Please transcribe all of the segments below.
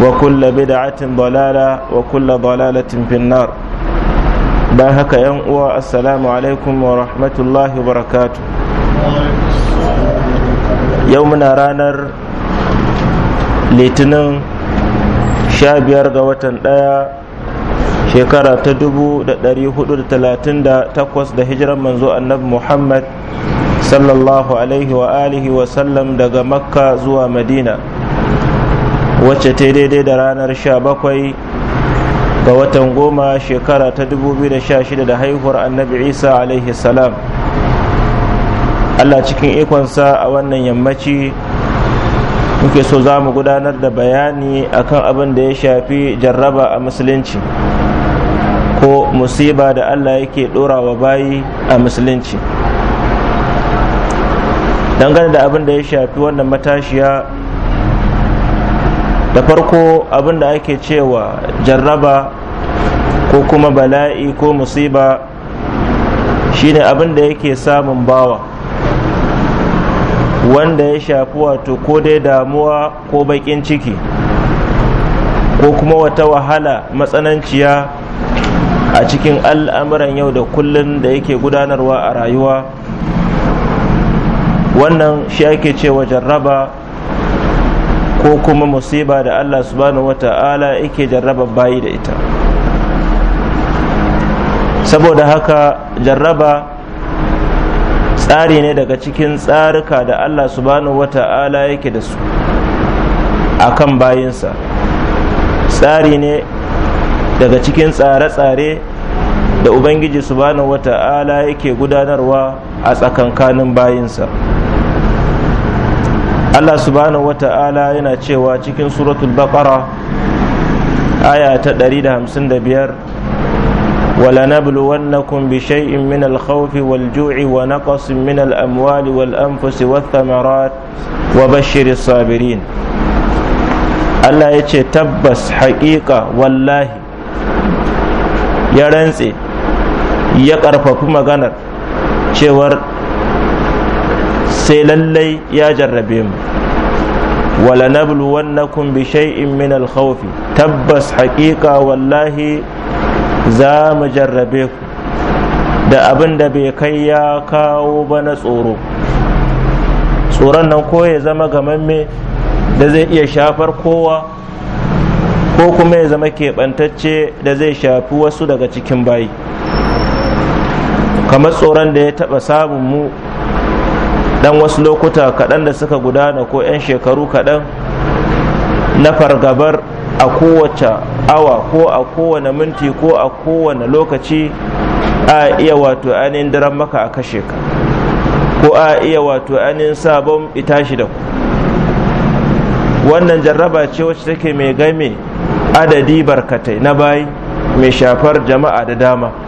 wa kulla bi da atin dalala wa kulla dalala ba haka yan uwa assalamu alaikum wa rahmatullahi wa barakatu yau muna ranar litinin sha biyar ga watan ɗaya, shekara ta dubu da dari hudu da talatin da takwas da hijiran manzo annabi muhammad sallallahu daga makka zuwa madina wacce ta daidai da ranar 17 ga watan goma shekara ta 2016 da haihuwar annabi isa alaihi salam allah cikin ikonsa a wannan yammaci muke so za mu gudanar da bayani akan abin da ya shafi jarraba a musulunci ko musiba da allah yake ɗora wa bayi a musulunci dangane da abin da ya shafi wannan matashiya da farko abin da ake cewa jarraba ko kuma bala'i ko musiba shine abin da yake samun bawa wanda ya shafi wato ko dai damuwa ko baƙin ciki ko kuma wata wahala matsananciya a cikin al'amuran yau da kullun da yake gudanarwa a rayuwa wannan shi ake cewa jarraba ko kuma musiba da Allah subhanahu wata'ala yake jarraba bayi da ita saboda haka jarraba tsari ne daga cikin tsarika da Allah subhanahu wata'ala yake da su a kan bayinsa tsari ne daga cikin tsare-tsare da ubangiji subhanahu wata'ala yake gudanarwa a tsakankanin bayinsa Allah subhanahu wata'ala yana cewa cikin suratul baqara aya ta 155 wala nabluwannakum bi shay'in min al-khawfi wal ju'i wa naqsin min al-amwali wal anfusi wath thamarat wa bashshiris sabirin Allah yace tabbas haqiqa wallahi ya rantse ya karfafi maganar cewar sai lallai ya jarrabe mu wala nabluwannakum bi shay'in min al-khawf tabbas haqiqa wallahi za mu jarrabe ku da abin da bai kai ya kawo ba na tsoro tsoron nan ko ya zama me da zai iya shafar kowa ko kuma ya zama keɓantacce da zai shafi wasu daga cikin bayi kamar tsoron da ya taɓa samun mu dan wasu lokuta kaɗan da suka gudana ko 'yan shekaru kaɗan na fargabar a kowace awa ko a kowane minti ko a kowane lokaci a iya wato ainihin daren maka a kashe ka ko a iya wato ainihin sabon itashi da ku wannan jarraba ce wacce take mai game adadi barkatai na bayi mai shafar jama'a da dama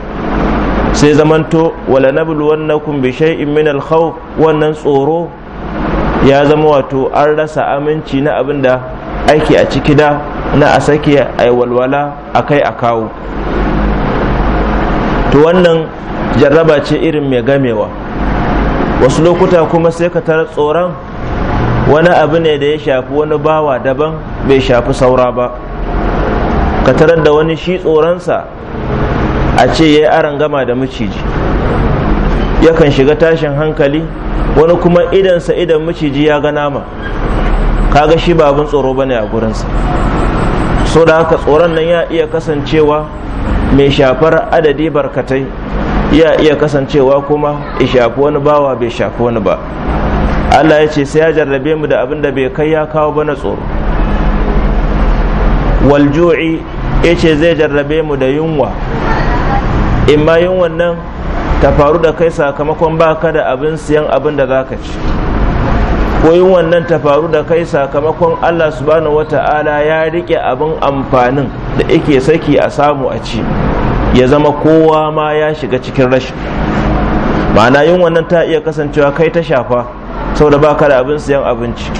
sai zamanto wala nabluwannakum bi shay'in min al-khawf wannan tsoro ya zama wato an rasa aminci na abinda aiki a ciki da na a sake a walwala a a kawo to wannan jarraba ce irin mai gamewa wasu lokuta kuma sai ka tara tsoron wani abu ne da ya shafi wani bawa daban bai shafi saura ba ka tarar da wani shi tsoronsa a ce ya yi aron gama da maciji yakan shiga tashin hankali wani kuma idansa idan maciji ya ga nama kaga shi babin abin tsoro bane a gurinsa so da haka tsoron nan ya iya kasancewa mai shafar adadi barkatai ya iya kasancewa kuma ya shafi wani bawa bai shafi wani ba Allah ya ce sai ya jarrabe mu da abin da bai kai ya kawo bana tsoro walju'i ya ce zai jarrabe mu da yunwa in ma yin wannan ta faru da kai sakamakon ba ka da abin siyan abin da za ka ci ko yin wannan ta faru da kai sakamakon allah subhanahu wata'ala ya riƙe abin amfanin da ike saki a samu a ci ya zama kowa ma ya shiga cikin rashin ma'ana yin wannan ta iya kasancewa kai ta shafa saboda ba ka da abin siyan abinci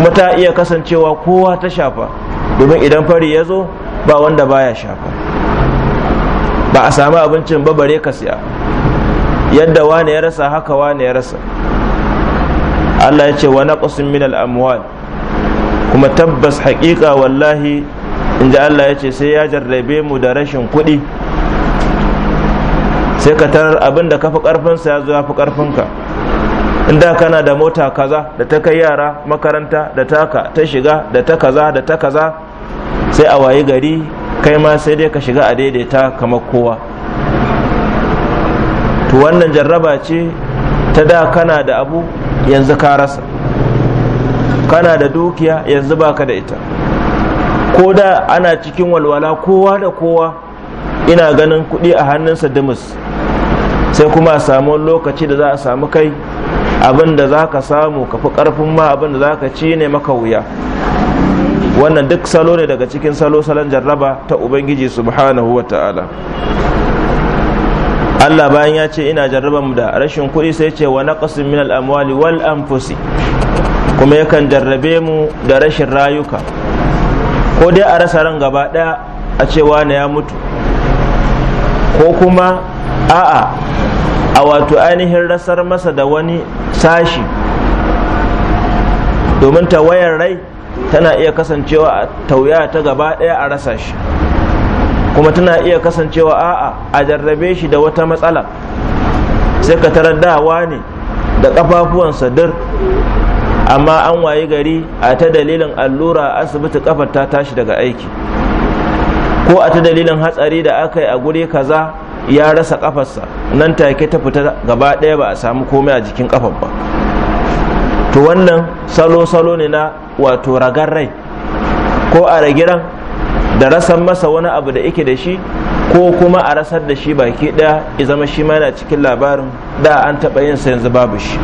kuma ta iya kasancewa kowa ta shafa domin idan fari ya zo ba wanda baya shafa ba a samu abincin ba bare ka siya yadda wani ya rasa haka wani ya rasa Allah ya ce wa naqsin min al-amwal kuma tabbas haƙiƙa wallahi inda Allah ya ce sai ya jarrabe mu da rashin kuɗi sai ka tarar abin da ka fi ƙarfinsa ya zo ya fi ƙarfinka inda kana da mota kaza da ta kai yara makaranta da taka ta shiga da ta kaza da ta kaza sai a wayi gari kai ma sai dai ka shiga a daidaita kamar kowa to wannan jarraba ce ta da kana da abu yanzu ka rasa kana da dukiya yanzu baka da ita ko da ana cikin walwala kowa da kowa ina ganin kudi a hannunsa dumus sai kuma a samu lokaci da za a samu kai abin da za ka samu ka fi karfin ma abin da za ka ci ne maka wuya wannan duk salo ne daga cikin salo salon jarraba ta ubangiji subhanahu wa ta'ala Allah bayan ya ce ina jarraba mu da rashin kuɗi sai ce wa min al-amwali wal anfusi kuma yakan jarrabe mu da rashin rayuka ko dai a rasa ran gaba ɗaya a cewa na ya mutu ko kuma a'a a wato ainihin rasar masa da wani sashi domin ta tawayar rai tana iya kasancewa a tauya ta gaba ɗaya a rasa shi kuma tana iya kasancewa a'a a jarrabe shi da wata matsala sai ka tarar dawa ne da ƙafafuwansa sadar, amma an wayi gari a ta dalilin allura asibiti kafar ta tashi daga aiki ko a ta dalilin hatsari da aka yi a guri kaza ya rasa kafarsa nan take ta fita gaba daya ba a samu komai a jikin kafar ba to wannan salo-salo ne na wato ragar rai ko a ragiran da rasan masa wani abu da yake da shi ko kuma a rasar da shi baki ɗaya ya zama shi ma yana cikin labarin da an taɓa yin sa yanzu babu shi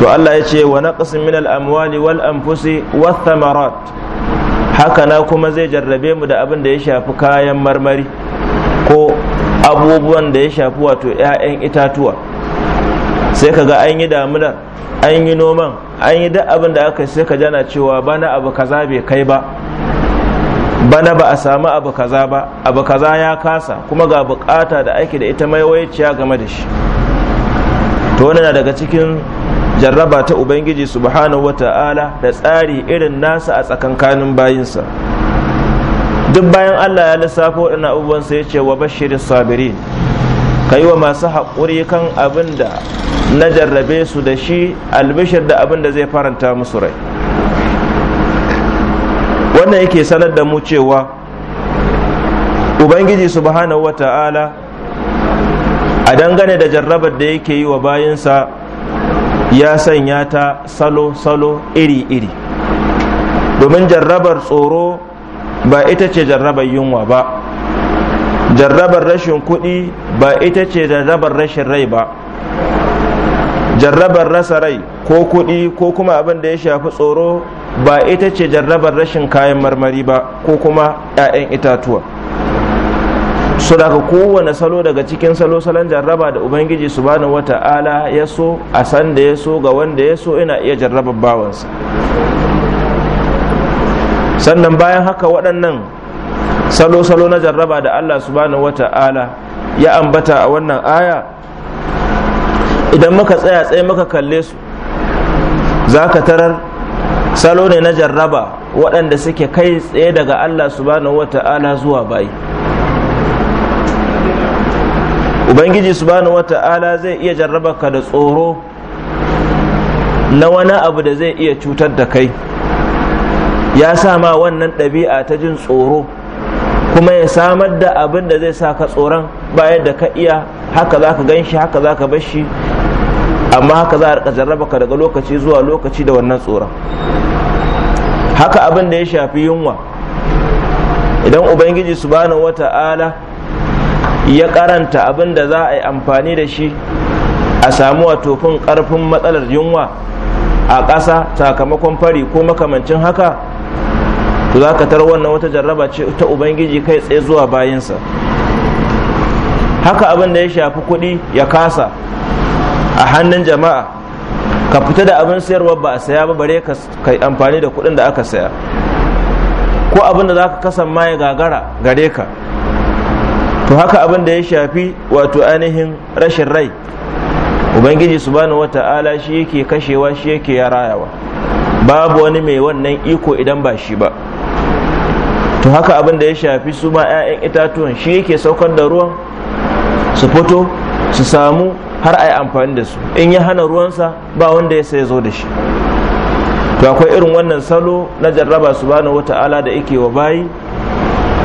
to Allah ya ce wa naqsin min al-amwali wal anfusi wath thamarat haka na kuma zai jarrabe mu da abin da ya shafi kayan marmari ko abubuwan da ya shafi wato 'ya'yan itatuwa sai kaga an yi damunar an yi noman an yi duk abin da aka sai ka jana cewa bana abu kaza bai kai ba bana ba a samu abu kaza ba abu kaza ya kasa kuma ga bukata da ake da ita maiwaiciya game da shi to wani na daga cikin jarraba ta ubangiji subhanahu wata'ala da tsari irin nasa a tsakankanin bayinsa duk bayan allah ya lissafo waɗannan abubuwan sai ya ce wa bashirin sabirin ka yi wa masu haƙuri kan abin da na jarrabe su da shi albishir da abin da zai faranta musu rai wannan yake sanar da mu cewa ubangiji subhanahu wata'ala a dangane da jarrabar da yake yi wa bayansa ya sanya ta salo-salo iri-iri domin jarrabar tsoro ba ita ce jarrabar yunwa ba jarrabar rashin kuɗi ba ita ce jarrabar rashin rai ba jarrabar rasa rai ko kuɗi ko kuma abin da ya shafi tsoro ba ita ce jarrabar rashin kayan marmari ba ko kuma 'ya'yan itatuwa su daga kowane salo daga cikin salo salon jarraba da ubangiji su bani wata'ala ya so a san da ya so ga wanda ya so ina iya jarrabar bawansa sannan bayan haka waɗannan salo-salo na jarraba da allah su bani wata'ala ya ambata a wannan aya idan muka tsaya tsaye muka kalle su za ka tarar salo ne na jarraba waɗanda suke kai tsaye daga allah subhanahu wa ta'ala zuwa bayi ubangiji subhanahu wa ta'ala zai iya jarraba ka da tsoro na wani abu da zai iya cutar da kai ya sa ma wannan ɗabi'a ta jin tsoro kuma ya samar da abin da zai sa ka tsoron bayan da ka iya haka za ka ganshi haka za ka bashi amma haka za a rika jarraba ka daga lokaci zuwa lokaci da wannan tsoron haka abin da ya shafi yunwa idan ubangiji subhanahu wata'ala ya karanta abin da za a yi amfani da shi a samu wa tofin karfin matsalar yunwa a ƙasa sakamakon fari ko makamancin haka to za ka tar wannan wata jarraba ce ta ubangiji kai tsaye zuwa bayansa haka abin da ya shafi kuɗi ya kasa a hannun jama'a ka fita da abin sayarwa ba a saya ba bare ka amfani da kuɗin da aka saya ko abin da za ka kasan ma gagara gare ka to haka abin da ya shafi wato ainihin rashin rai ubangiji su bani wata ala shi yake kashewa shi yake ya rayawa babu wani mai wannan iko idan ba shi ba to haka abin da ya shafi su ma 'ya'yan itatuwan shi yake saukar da ruwan su fito su samu har a yi amfani da su in ya hana ruwansa ba wanda ya sai zo da shi to akwai irin wannan salo na jarraba subhanahu wata'ala da yake wa bayi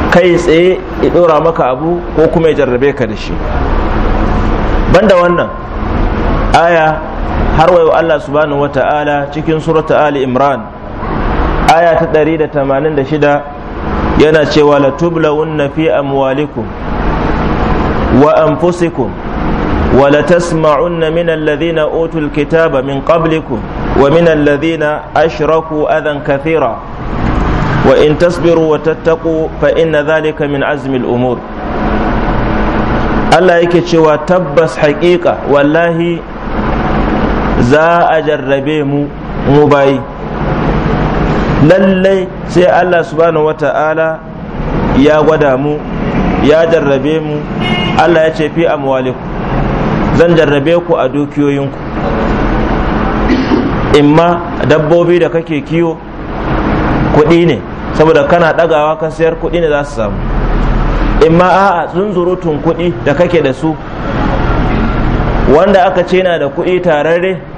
kai tsaye ya ɗora maka abu ko kuma ya jarrabe ka da shi banda wannan aya har wayo Allah subhanahu wata'ala cikin surata Ali Imran aya ta 186 yana cewa la tublawunna fi amwalikum wa anfusikum wa la tasma'unna min alladhina utul kitaba min qablikum wa min alladhina ashraku adhan kathira wa in tasbiru wa tattaqu fa inna dhalika min azmi al-umur Allah yake cewa tabbas haƙiƙa wallahi za a jarrabe mu mu bayi lallai sai Allah subhanahu ta'ala ya gwada mu ya jarrabe mu Allah ya ce fi amwaliku zan jarrabe ku a dukiyoyinku imma dabbobi da kake kiwo kuɗi ne saboda kana ɗagawa kan sayar kuɗi ne za su samu imma a'a zunzurutun kuɗi da kake da su wanda aka ce na da kuɗi tararre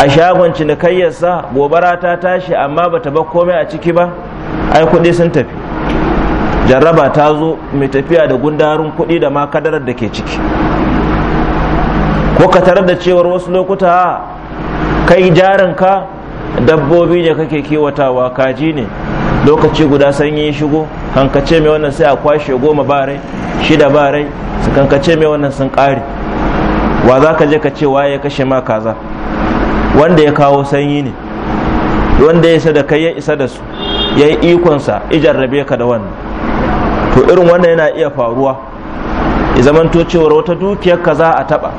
a shagon cinikayyarsa gobara ta tashi amma ba ta bar komai a ciki ba ai kuɗi sun tafi jarraba ta zo mai tafiya da gundarun kudi da ma kadarar da ke ciki ko ka tare da cewar wasu lokuta kai jarinka dabbobi ne kake kiwatawa kaji ne lokaci guda sanyi shigo kankace mai wannan sai a kwashe goma barai shida barai su kankace mai wannan sun kare wa za ka je ka ce waye kashe ma kaza wanda ya kawo sanyi ne wanda ya sadaka da kai ya isa da su ya yi ikonsa ijarrabe ka da wannan to irin wannan yana iya faruwa ya zamanto cewar wata dukiyar ka za a taba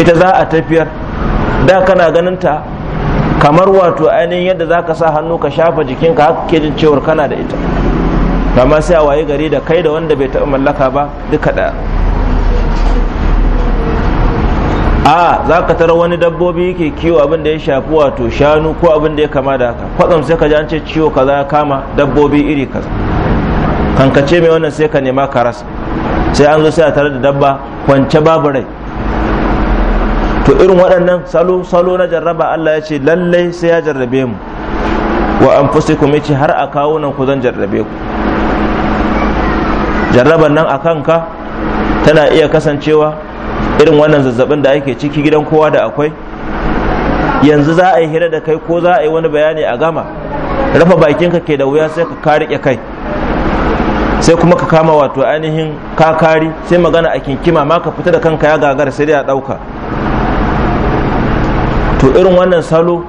ita za a tafiyar da kana ganin ta kamar wato ainihin yadda za ka sa hannu ka shafa jikinka haka ke jin cewar kana da ita amma sai a waye gari da kai da wanda bai taɓa mallaka ba duka da a za ka tara wani dabbobi yake kiwo abin da ya shafi wato shanu ko abin da ya kama da haka kwatsam sai ka jance ciwo kaza ya kama dabbobi iri kaza kankace mai wannan sai ka nema ka rasa sai an zo sai a tare da dabba kwance babu rai to irin waɗannan salo salo na jarraba Allah ya ce lallai sai ya jarrabe mu wa anfusikum yace har a kawo nan ku zan jarrabe ku jarraban nan a kanka tana iya kasancewa irin wannan zazzabin da ake ciki gidan kowa da akwai yanzu za a yi hira da kai ko za a yi wani bayani a gama rafa bakinka ke da wuya sai ka karike kai sai kuma ka kama wato ainihin kakari sai magana a kinkima ma ka fita da kanka ya gagara sai dai a ɗauka to irin wannan salo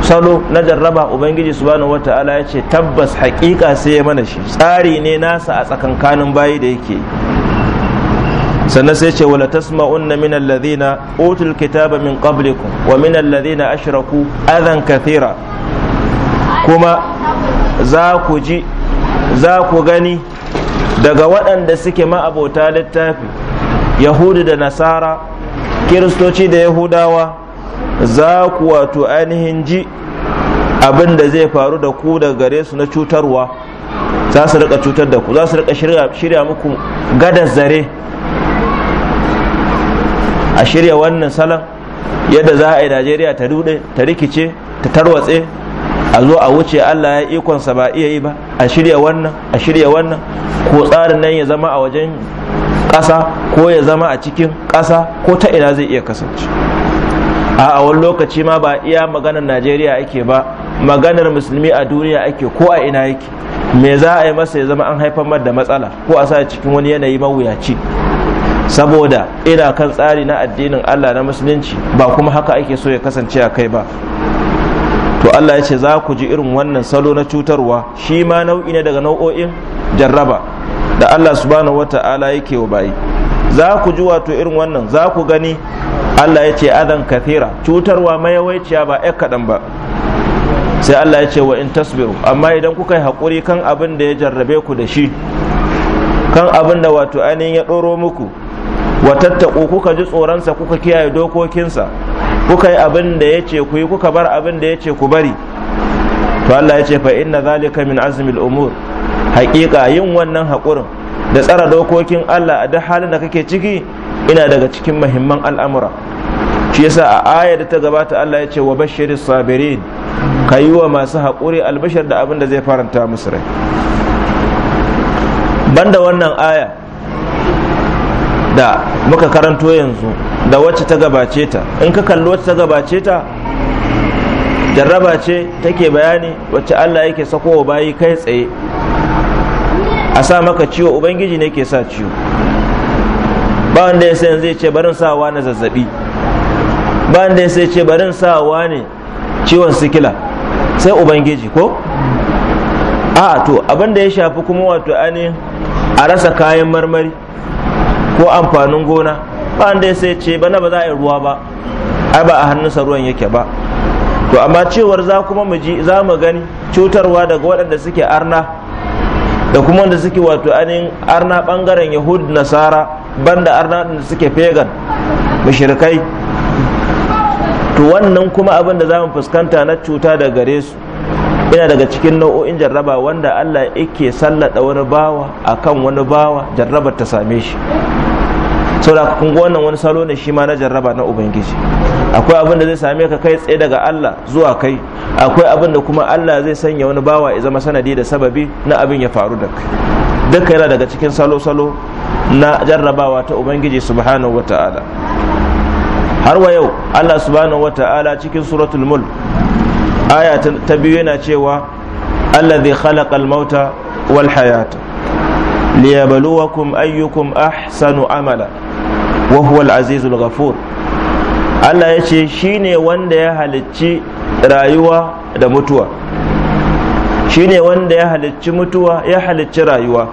salo na jarraba ubangiji subhanahu wataala ya ce tabbas hakika sai ya mana shi tsari ne nasa a tsakankanin bayi da yake sannan sai ce wala tasma'unna min alladhina utul kitaba min qablikum wa min alladhina ashraku adhan kathira kuma za ku ji za ku gani daga waɗanda suke ma'abota littafi yahudu da nasara kiristoci da yahudawa za ku wato ainihin ji abin da zai faru da ku daga gare su na cutarwa za su rika cutar da ku za su rika shirya muku gadar zare a shirya wannan salon yadda za a yi najeriya ta dude ta rikice ta tarwatse a zo a wuce allah ya ikonsa ba iya yi ba a shirya wannan a shirya wannan ko tsarin nan ya zama a wajen ƙasa ko ya zama a cikin kasa ko ta ina zai iya kasance a wani lokaci ma ba iya maganar najeriya ake ba maganar musulmi a duniya ake ko a ina yake me za a yi masa ya zama an haifar da matsala ko a sa cikin wani yanayi mawuyaci saboda ina kan tsari na addinin Allah na musulunci ba kuma haka ake so ya kasance a kai ba to Allah ya ce za ku ji irin wannan salo na cutarwa shi ma nau'i ne daga nau'o'in jarraba da Allah subhanahu wata'ala yake wa bayi za ku ji wato irin wannan za ku gani Allah ya ce adan kathira cutarwa mayawaiciya ba ya kaɗan ba sai Allah ya ce wa in tasbiru amma idan kuka yi hakuri kan abin da ya jarrabe ku da shi kan abin da wato ainihin ya ɗoro muku wa tattaku kuka ji tsoron sa kuka kiyaye dokokinsa kuka yi abin da ya ce ku yi kuka bar abin da ya ce ku bari to Allah ya ce fa inna zalika min azmil umur haƙiƙa yin wannan hakurin da tsara dokokin Allah a duk halin da kake ciki ina daga cikin muhimman al'amura shi yasa a ayar da ta gabata Allah ya ce wa bashirin sabirin ka yi wa masu hakuri albashir da abin da zai faranta musu rai banda wannan aya da muka karanto yanzu da wacce ta gabace ta in ka kalli wacce ta gabace ta jarraba ce take bayani wacce Allah yake sakowa bayi kai tsaye a sa maka ciwo ubangiji ne ke sa ciwo ba wanda ya sayan zai ce barin sawa na zazzabi ba wanda ya sai ce barin sawa ne ciwon sikila sai ubangiji ko a to abin da ya shafi kuma wato ainihin a rasa kayan marmari ko amfanin gona ba da sai ce ba na ba za a yi ruwa ba a ba a hannunsa ruwan yake ba to amma cewar za kuma mu ji za mu gani cutarwa daga waɗanda suke arna da kuma wanda suke wato anin arna bangaren yahud nasara banda arna da suke pagan mushrikai to wannan kuma abin da za mu fuskanta na cuta da gare su ina daga cikin nau'o'in jarraba wanda Allah yake sallada wani bawa kan wani bawa jarrabar ta same shi saboda kun wannan wani salo ne shi ma na jarraba na ubangiji akwai abin da zai same ka kai tsaye daga Allah zuwa kai akwai abin da kuma Allah zai sanya wani bawa ya zama sanadi da sababi na abin ya faru da kai duka yana daga cikin salo-salo na jarrabawa ta ubangiji subhanahu wata'ala har wa yau Allah subhanahu wata'ala cikin suratul mul aya ta biyu yana cewa allazi khalaqal mauta wal hayata liyabluwakum ayyukum ahsanu amala wa huwal azizul ghafur Allah ya ce shi ne wanda ya halicci rayuwa da mutuwa shi ne wanda ya halicci mutuwa ya halicci rayuwa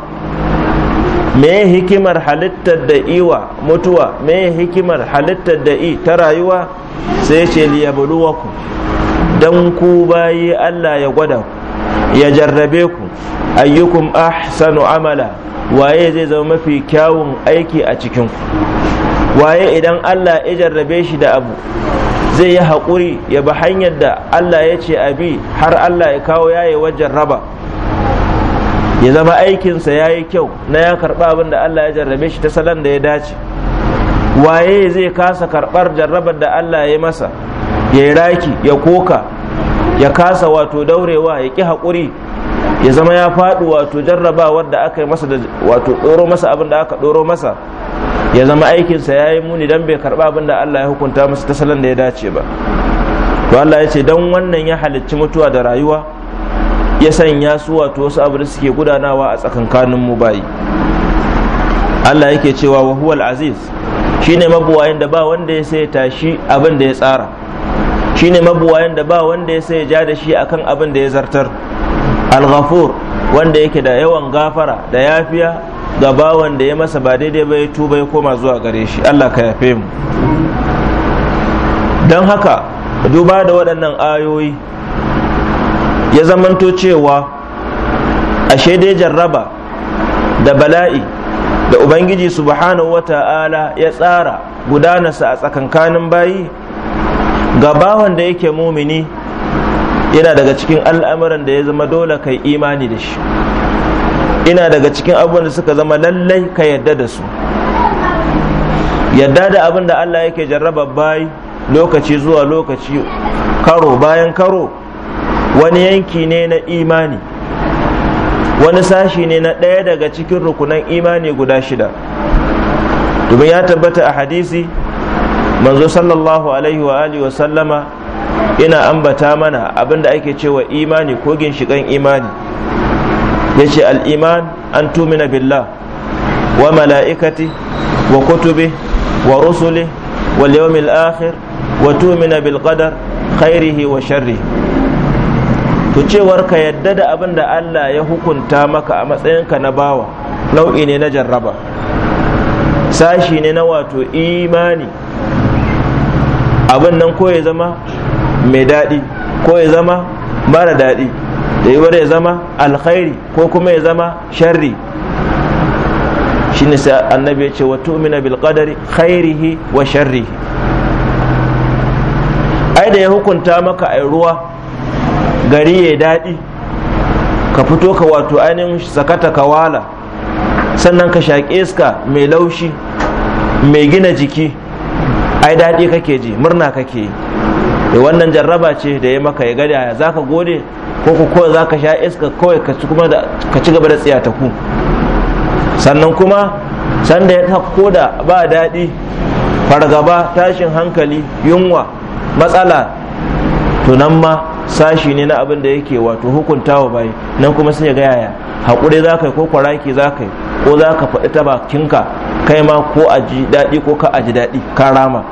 me hikimar halittar da iwa mutuwa me hikimar halittar da i ta rayuwa sai ce ku. dan ku bayi Allah ya gwada ku ya jarrabe ku ayyukum ahsanu amala waye zai zama mafi kyawun aiki a cikin ku waye idan Allah ya jarrabe shi da abu zai yi haƙuri ya bi hanyar da Allah ya ce abi har Allah ya kawo yaye wajen raba ya zama aikinsa ya yi kyau na ya karɓa abin da Allah ya jarrabe shi ta salon da ya dace waye zai kasa karɓar jarrabar da Allah ya masa ya yi raki ya koka ya kasa wato daurewa ya ƙi haƙuri ya zama ya faɗi wato jarraba wadda aka yi masa da wato ɗoro masa abin da aka ɗoro masa ya zama aikinsa ya yi muni don bai karɓa abin da Allah ya hukunta masa ta salon da ya dace ba to Allah ya ce don wannan ya halicci mutuwa da rayuwa ya sanya su wato wasu abu da suke gudanawa a tsakankanin mu bayi Allah yake cewa wahuwal huwal aziz shine mabuwayin da ba wanda ya sai tashi abin da ya tsara shine mabuwayan da ba wanda ya sai ja da shi akan abin da ya zartar al-ghafur wanda yake da yawan gafara da yafiya ga bawan da ya masa ba daidai ba ya tuba ya koma zuwa gare shi Allah ka yafe mu don haka duba da waɗannan ayoyi ya zamanto cewa ashe dai jarraba da bala'i da ubangiji subhanahu wata'ala ya tsara gudanarsa a tsakankanin bayi ga bawan da yake mumini yana daga cikin al'amuran da ya zama dole kai imani da shi ina daga cikin abubuwan da suka zama lallai ka yadda da su yadda da abin da Allah yake jarraba bai lokaci zuwa lokaci karo bayan karo wani yanki ne na imani wani sashi ne na ɗaya daga cikin rukunan imani guda shida domin ya tabbata a hadisi manzo sallallahu alaihi wa alihi wa sallama ina ambata mana abinda ake cewa imani ko ginshikan imani yace al-iman an tumina billah wa mala'ikati wa kutubi wa rusuli wa yawmil akhir wa tumina bil qadar khairihi wa sharrihi to cewar ka yadda da abin da Allah ya hukunta maka a matsayinka na bawa nau'i ne na jarraba sashi ne na wato imani abin nan ko ya zama mai daɗi ko ya zama mara daɗi da wani ya zama alkhairi ko kuma ya zama sharri ne sai annabi ya ce wa tu'mina bil qadari khairihi wa sharrihi ai da ya hukunta maka ai ruwa gari ya daɗi ka fito ka wato ainihin sakata ka wala sannan ka shaƙe iska mai laushi mai gina jiki ai daɗi kake ji murna kake yi wannan jarraba ce da ya maka ya gada za ka gode ko ku kawai za ka sha iska kawai ka ci gaba da tsiya ta ku sannan kuma sanda ya tako da ba daɗi fargaba tashin hankali yunwa matsala to ma sashi ne na abin da yake wato hukuntawa bai nan kuma sai ya ga yaya hakuri za ka yi ko kwaraki za ka yi ko za ka faɗi ta bakinka kai ma ko a ji daɗi ko ka a ji daɗi ka rama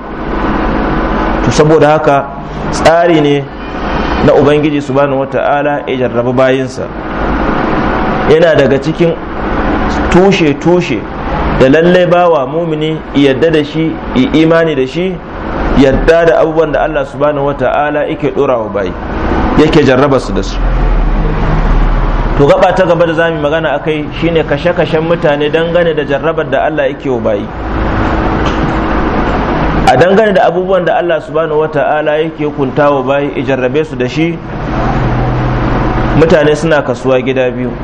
to saboda haka tsari ne na ubangiji su bani wata'ala ya jarrabi bayinsa yana daga cikin tushe-tushe da lallai bawa mumini yadda da shi imani da shi yadda da abubuwan da allah subhanahu wata'ala yake ɗora wa bayi yake jarraba su da su to gaba ta gaba da zamu magana akai shine kashe-kashen mutane dangane da jarrabar da Allah yake wa bayi a dangane da abubuwan da Allah subhanahu wata'ala yake hukunta wa bayi i jarrabe su da shi mutane suna kasuwa gida biyu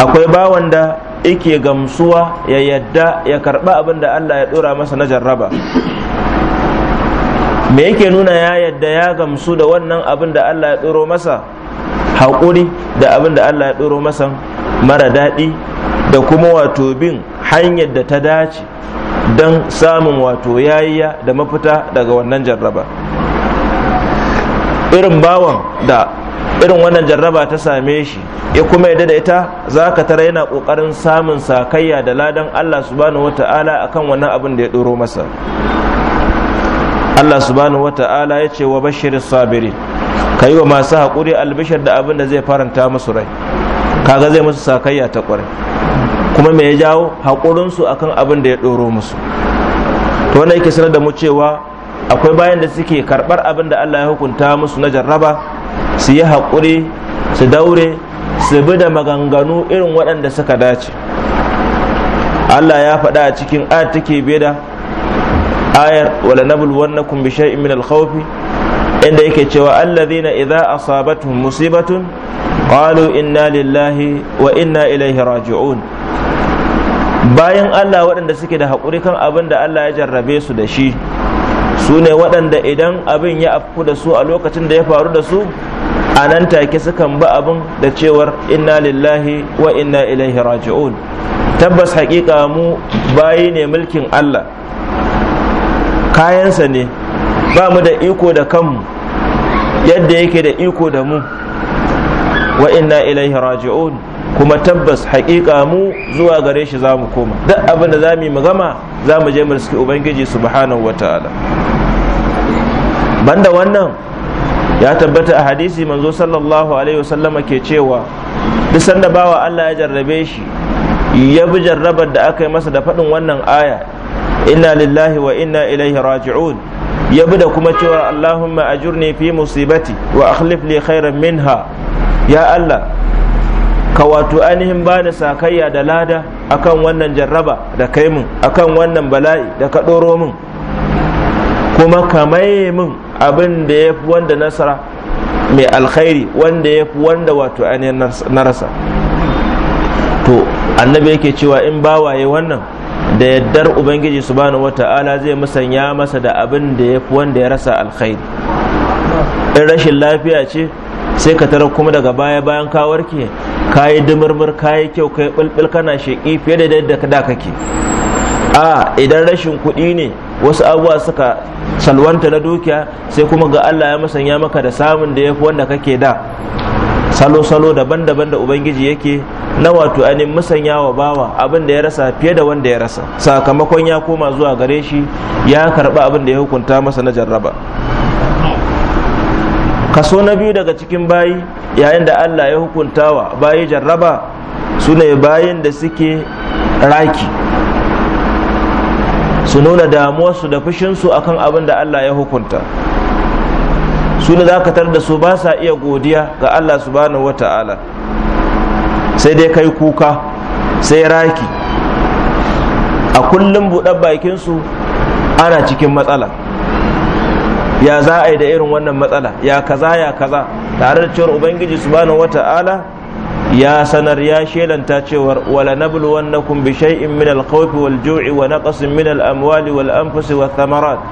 akwai bawan da yake gamsuwa ya yadda ya karba abin da Allah ya dora masa na jarraba me yake nuna ya yadda ya gamsu da wannan abin da Allah ya doro masa haƙuri da abin da Allah ya ɗoro masa mara daɗi da kuma wato bin hanyar da ta dace don samun wato yayiya da mafita daga wannan jarraba irin bawan da irin wannan jarraba ta same shi ya kuma yadda da ita za ka tara yana ƙoƙarin samun sakayya da ladan Allah subhanahu a akan wannan abin da ya ɗoro masa Allah subhanahu Ta'ala ya ce wa bashirin sabirin ka yi wa masu haƙuri albishar da abin da zai faranta musu rai kaga zai musu sakayya ta ƙwarai kuma me ya jawo haƙurinsu akan abin da ya ɗoro musu to wanda yake sanar da mu cewa akwai bayan da suke karɓar abin da Allah ya hukunta musu na jarraba su yi haƙuri su daure su bi da maganganu irin waɗanda suka dace Allah ya faɗa a cikin ayat take beda da ayar wala nabluwannakum bi shay'in min al-khawfi inda yake cewa allazina idza asabatuhum musibatun qalu inna lillahi wa inna ilaihi raji'un bayan Allah waɗanda suke da haƙuri kan abin da Allah ya jarrabe su da shi su ne waɗanda idan abin ya afku da su a lokacin da ya faru da su a nan take sukan ba abin da cewar inna lillahi wa inna ilaihi raji'un tabbas haƙiƙa mu bayi ne mulkin Allah kayansa ne ba mu da iko da kanmu yadda yake da iko da mu wa inna ilaihi raji'un kuma tabbas haƙiƙa mu zuwa gare shi za mu koma duk abin da za mu yi mu gama za mu je mu ubangiji subhanahu wa banda wannan ya tabbata a hadisi manzo sallallahu alaihi wasallama ke cewa duk sanda bawa Allah ya jarrabe shi ya bi jarrabar da aka yi masa da faɗin wannan aya inna lillahi wa inna ilaihi raji'un ya bi da kuma cewa Allahumma ajurni fi musibati wa akhlif li khairan minha ya Allah ka wato ainihin bani sakayya da lada akan wannan jarraba da kai mun akan wannan bala'i da ka doro mun kuma ka maye mun abin da ya fi wanda nasara mai alkhairi wanda ya fi wanda wato ainihin narasa to annabi yake cewa in bawaye wannan da yaddar ubangiji subhanahu wata'ala zai musanya masa da abin da ya fi wanda ya rasa alkhairi in rashin lafiya ce sai ka tarar kuma daga baya bayan ka warke ka yi dumurmur ka yi kyau ka yi bulbul kana sheƙi fiye da yadda da kake a idan rashin kuɗi ne wasu abubuwa suka salwanta na dukiya sai kuma ga Allah ya musanya maka da samun da ya fi wanda kake da salo-salo daban-daban da ubangiji yake na wato ainihin musanya wa bawa abin da ya rasa fiye da wanda ya rasa sakamakon ya koma zuwa gare shi ya karba abin da ya hukunta masa na jarraba kaso na biyu daga cikin bayi yayin da allah ya hukunta wa bayi jarraba su ne bayin da suke raki su nuna damuwarsu da fushinsu akan abin da allah ya hukunta su ne za ka tar da su ba sa iya godiya ga allah subhanahu wa ta'ala sai dai kai kuka sai raki a kullum buɗe bakinsu ana cikin matsala ya za a yi da irin wannan matsala ya kaza ya kaza tare da cewar ubangiji su subhanahu wata'ala ya sanar ya shelanta cewar wala na nabluwannakum kumbi sha'in min al wal ju'i wa ƙasin min al'amuwali wal amfusi wa thamarat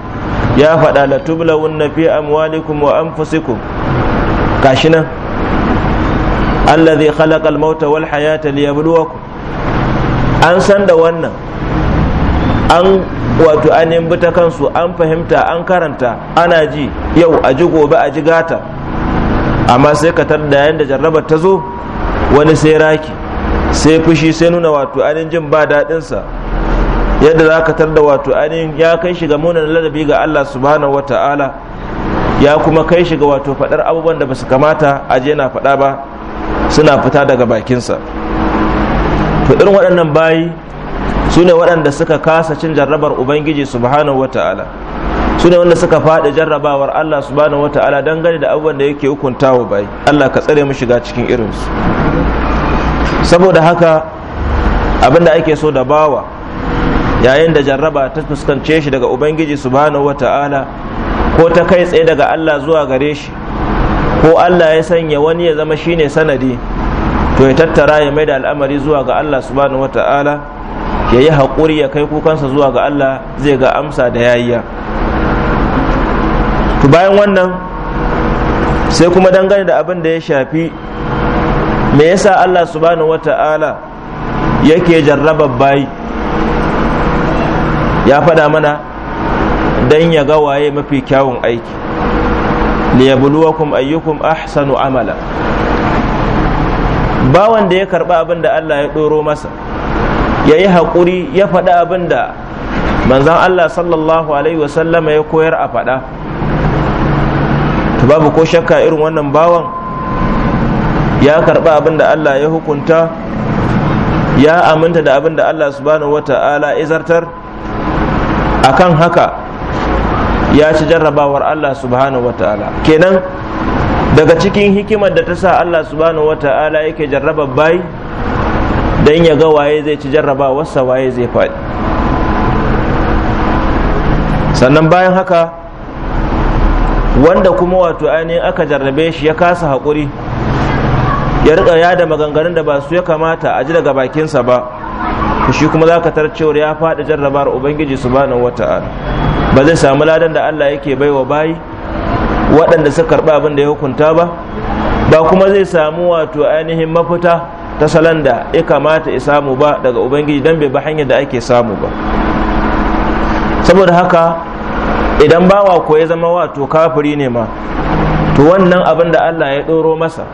ya faɗa la wunna fi amwalikum wa anfusikum gashi nan allazi khalaqal mauta wal hayata liyabluwakum an san da wannan an wato an ta kansu an fahimta an karanta ana ji yau a ji gobe a ji gata amma sai ka tarda yayin da jarrabar ta zo wani sai raki sai fushi sai nuna wato jin ba daɗinsa yadda za ka tarda wato ainihin ya kai shi ga munan ladabi ga Allah subhanahu ta'ala ya kuma kai shi ga wato faɗar abubuwan da ba su kamata a je na faɗa ba suna fita daga bakinsa to waɗannan bayi su ne waɗanda suka kasa cin jarrabar ubangiji subhanahu wa ta'ala su ne wanda suka faɗi jarrabawar allah subhanahu wa ta'ala dangane da abubuwan da yake hukunta wa bayi allah ka tsare mu shiga cikin irinsu saboda haka abinda da ake so da bawa yayin da jarraba ta fuskance shi daga ubangiji subhanahu wa ta'ala ko ta kai tsaye daga allah zuwa gare shi ko Allah ya sanya wani ya zama shine sanadi to ya tattara ya mai da al'amari zuwa ga Allah subhanahu wata'ala ya yi haƙuri ya kai kukansa zuwa ga Allah zai ga amsa da yayya. to bayan wannan sai kuma dangane da abin da ya shafi me yasa Allah subhanahu wata'ala yake jarraba bayi ya faɗa mana don ya ga waye mafi kyawun aiki liyabluwakum ayyukum ahsanu amala bawan da ya karba abin Allah ya doro masa ya yi haƙuri ya faɗi abin da manzan Allah sallallahu alaihi wasallama ya koyar a faɗa to babu ko shakka irin wannan bawan ya karba abin Allah ya hukunta ya aminta da abin da Allah subhanahu wata'ala izartar akan haka ya ci jarrabawar Allah subhanahu wata'ala kenan daga cikin hikimar da ta sa Allah subhanahu wata'ala yake jarrabar bai don ya ga waye zai ci jarrabawarsa waye zai faɗi sannan bayan haka wanda kuma wato ainihin aka jarrabe shi ya kasa haƙuri ya riƙa yada maganganun da ba su ya kamata a ji daga bakinsa ba shi kuma za ka tarcewar ya faɗi jarrabar ubangiji subhanahu wata'ala ba zai samu ladan da Allah yake wa bayi waɗanda suka karɓi abin da ya hukunta ba ba kuma zai samu wato ainihin mafita ta salon da ya kamata ya samu ba daga ubangiji don bai ba hanyar da ake samu ba saboda haka idan bawa ko ya zama wato kafiri ne ma to wannan abin da Allah ya ɗoro masa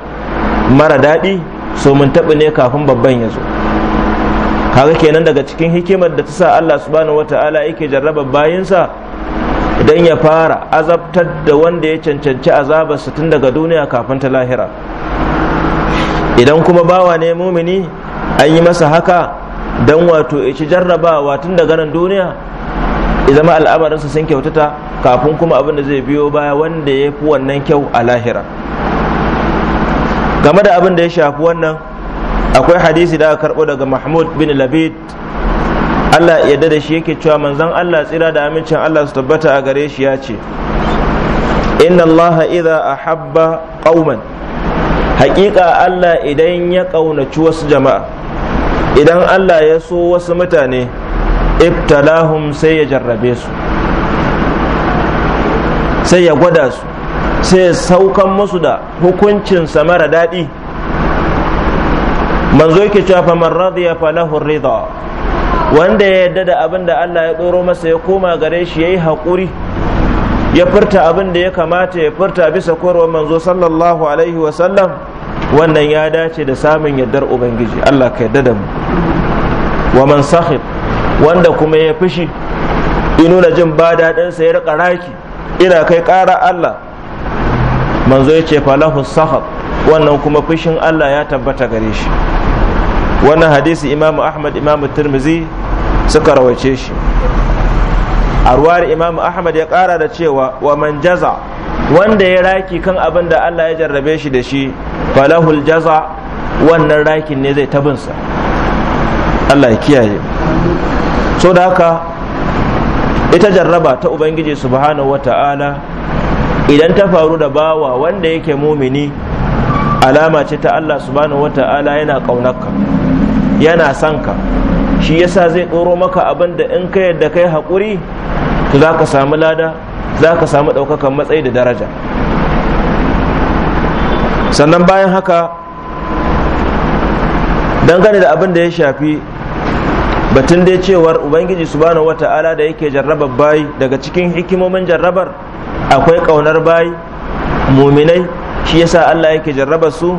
mara daɗi so mun taɓa ne kafin babban ya zo kaga kenan daga cikin hikimar da ta sa Allah subhanahu wata'ala yake jarraba bayinsa don ya fara azabtar da wanda ya cancanci azabarsa tun daga duniya kafin ta lahira idan kuma bawa ne mumini an yi masa haka don wato ya ci jarrabawa tun daga nan duniya ya zama al'amarinsa sun kyautata kafin kuma abin da zai biyo baya wanda ya fi wannan kyau a lahira game da abin da ya shafi wannan akwai hadisi da aka karɓo daga mahmud bin labid Allah ya da shi yake cewa manzon Allah tsira da amincin Allah su tabbata a gare shi ya ce inna Allah idza ahabba qauman haƙiƙa Allah idan ya ƙaunaci wasu jama'a idan Allah ya so wasu mutane ibtalahum sai ya jarrabe su sai ya gwada su sai ya saukan musu da hukuncinsa mara daɗi manzo yake cewa man radiya lahu ridha wanda ya yadda da abin da Allah ya tsoro masa ya koma gare shi ya yi haƙuri ya furta abin da ya kamata ya furta bisa korwar manzo sallallahu alaihi wasallam wannan ya dace da samun yardar ubangiji Allah ka yadda da mu wa man sahib wanda kuma ya fishi inu nuna jin ba daɗinsa ya riƙa raki ina kai ƙara Allah manzo ya ce falahu sahab wannan kuma fishin Allah ya tabbata gare shi wannan hadisi imamu ahmad imamu Turmizi suka rawace shi a ruwar imamu ahmad ya kara da cewa wa man jaza wanda ya raki kan abin da allah ya jarrabe shi da shi falahul jaza wannan rakin ne zai tabinsa allah ya kiyaye so da haka ita jarraba ta ubangiji subhanahu wa ta'ala, idan ta faru da bawa wanda yake mumini alama ce ta allah subhanahu wa ta'ala yana ƙaunarka yana son ka shi yasa zai ɗoro maka abin da in ka yadda kai haƙuri to za ka samu lada za ka samu ɗaukakan matsayi da daraja sannan bayan haka dangane da abin da ya shafi batun dai cewar ubangiji subhanahu wata'ala da yake jarrabar bayi daga cikin hikimomin jarrabar akwai ƙaunar bayi muminai shi yasa allah yake jarrabar su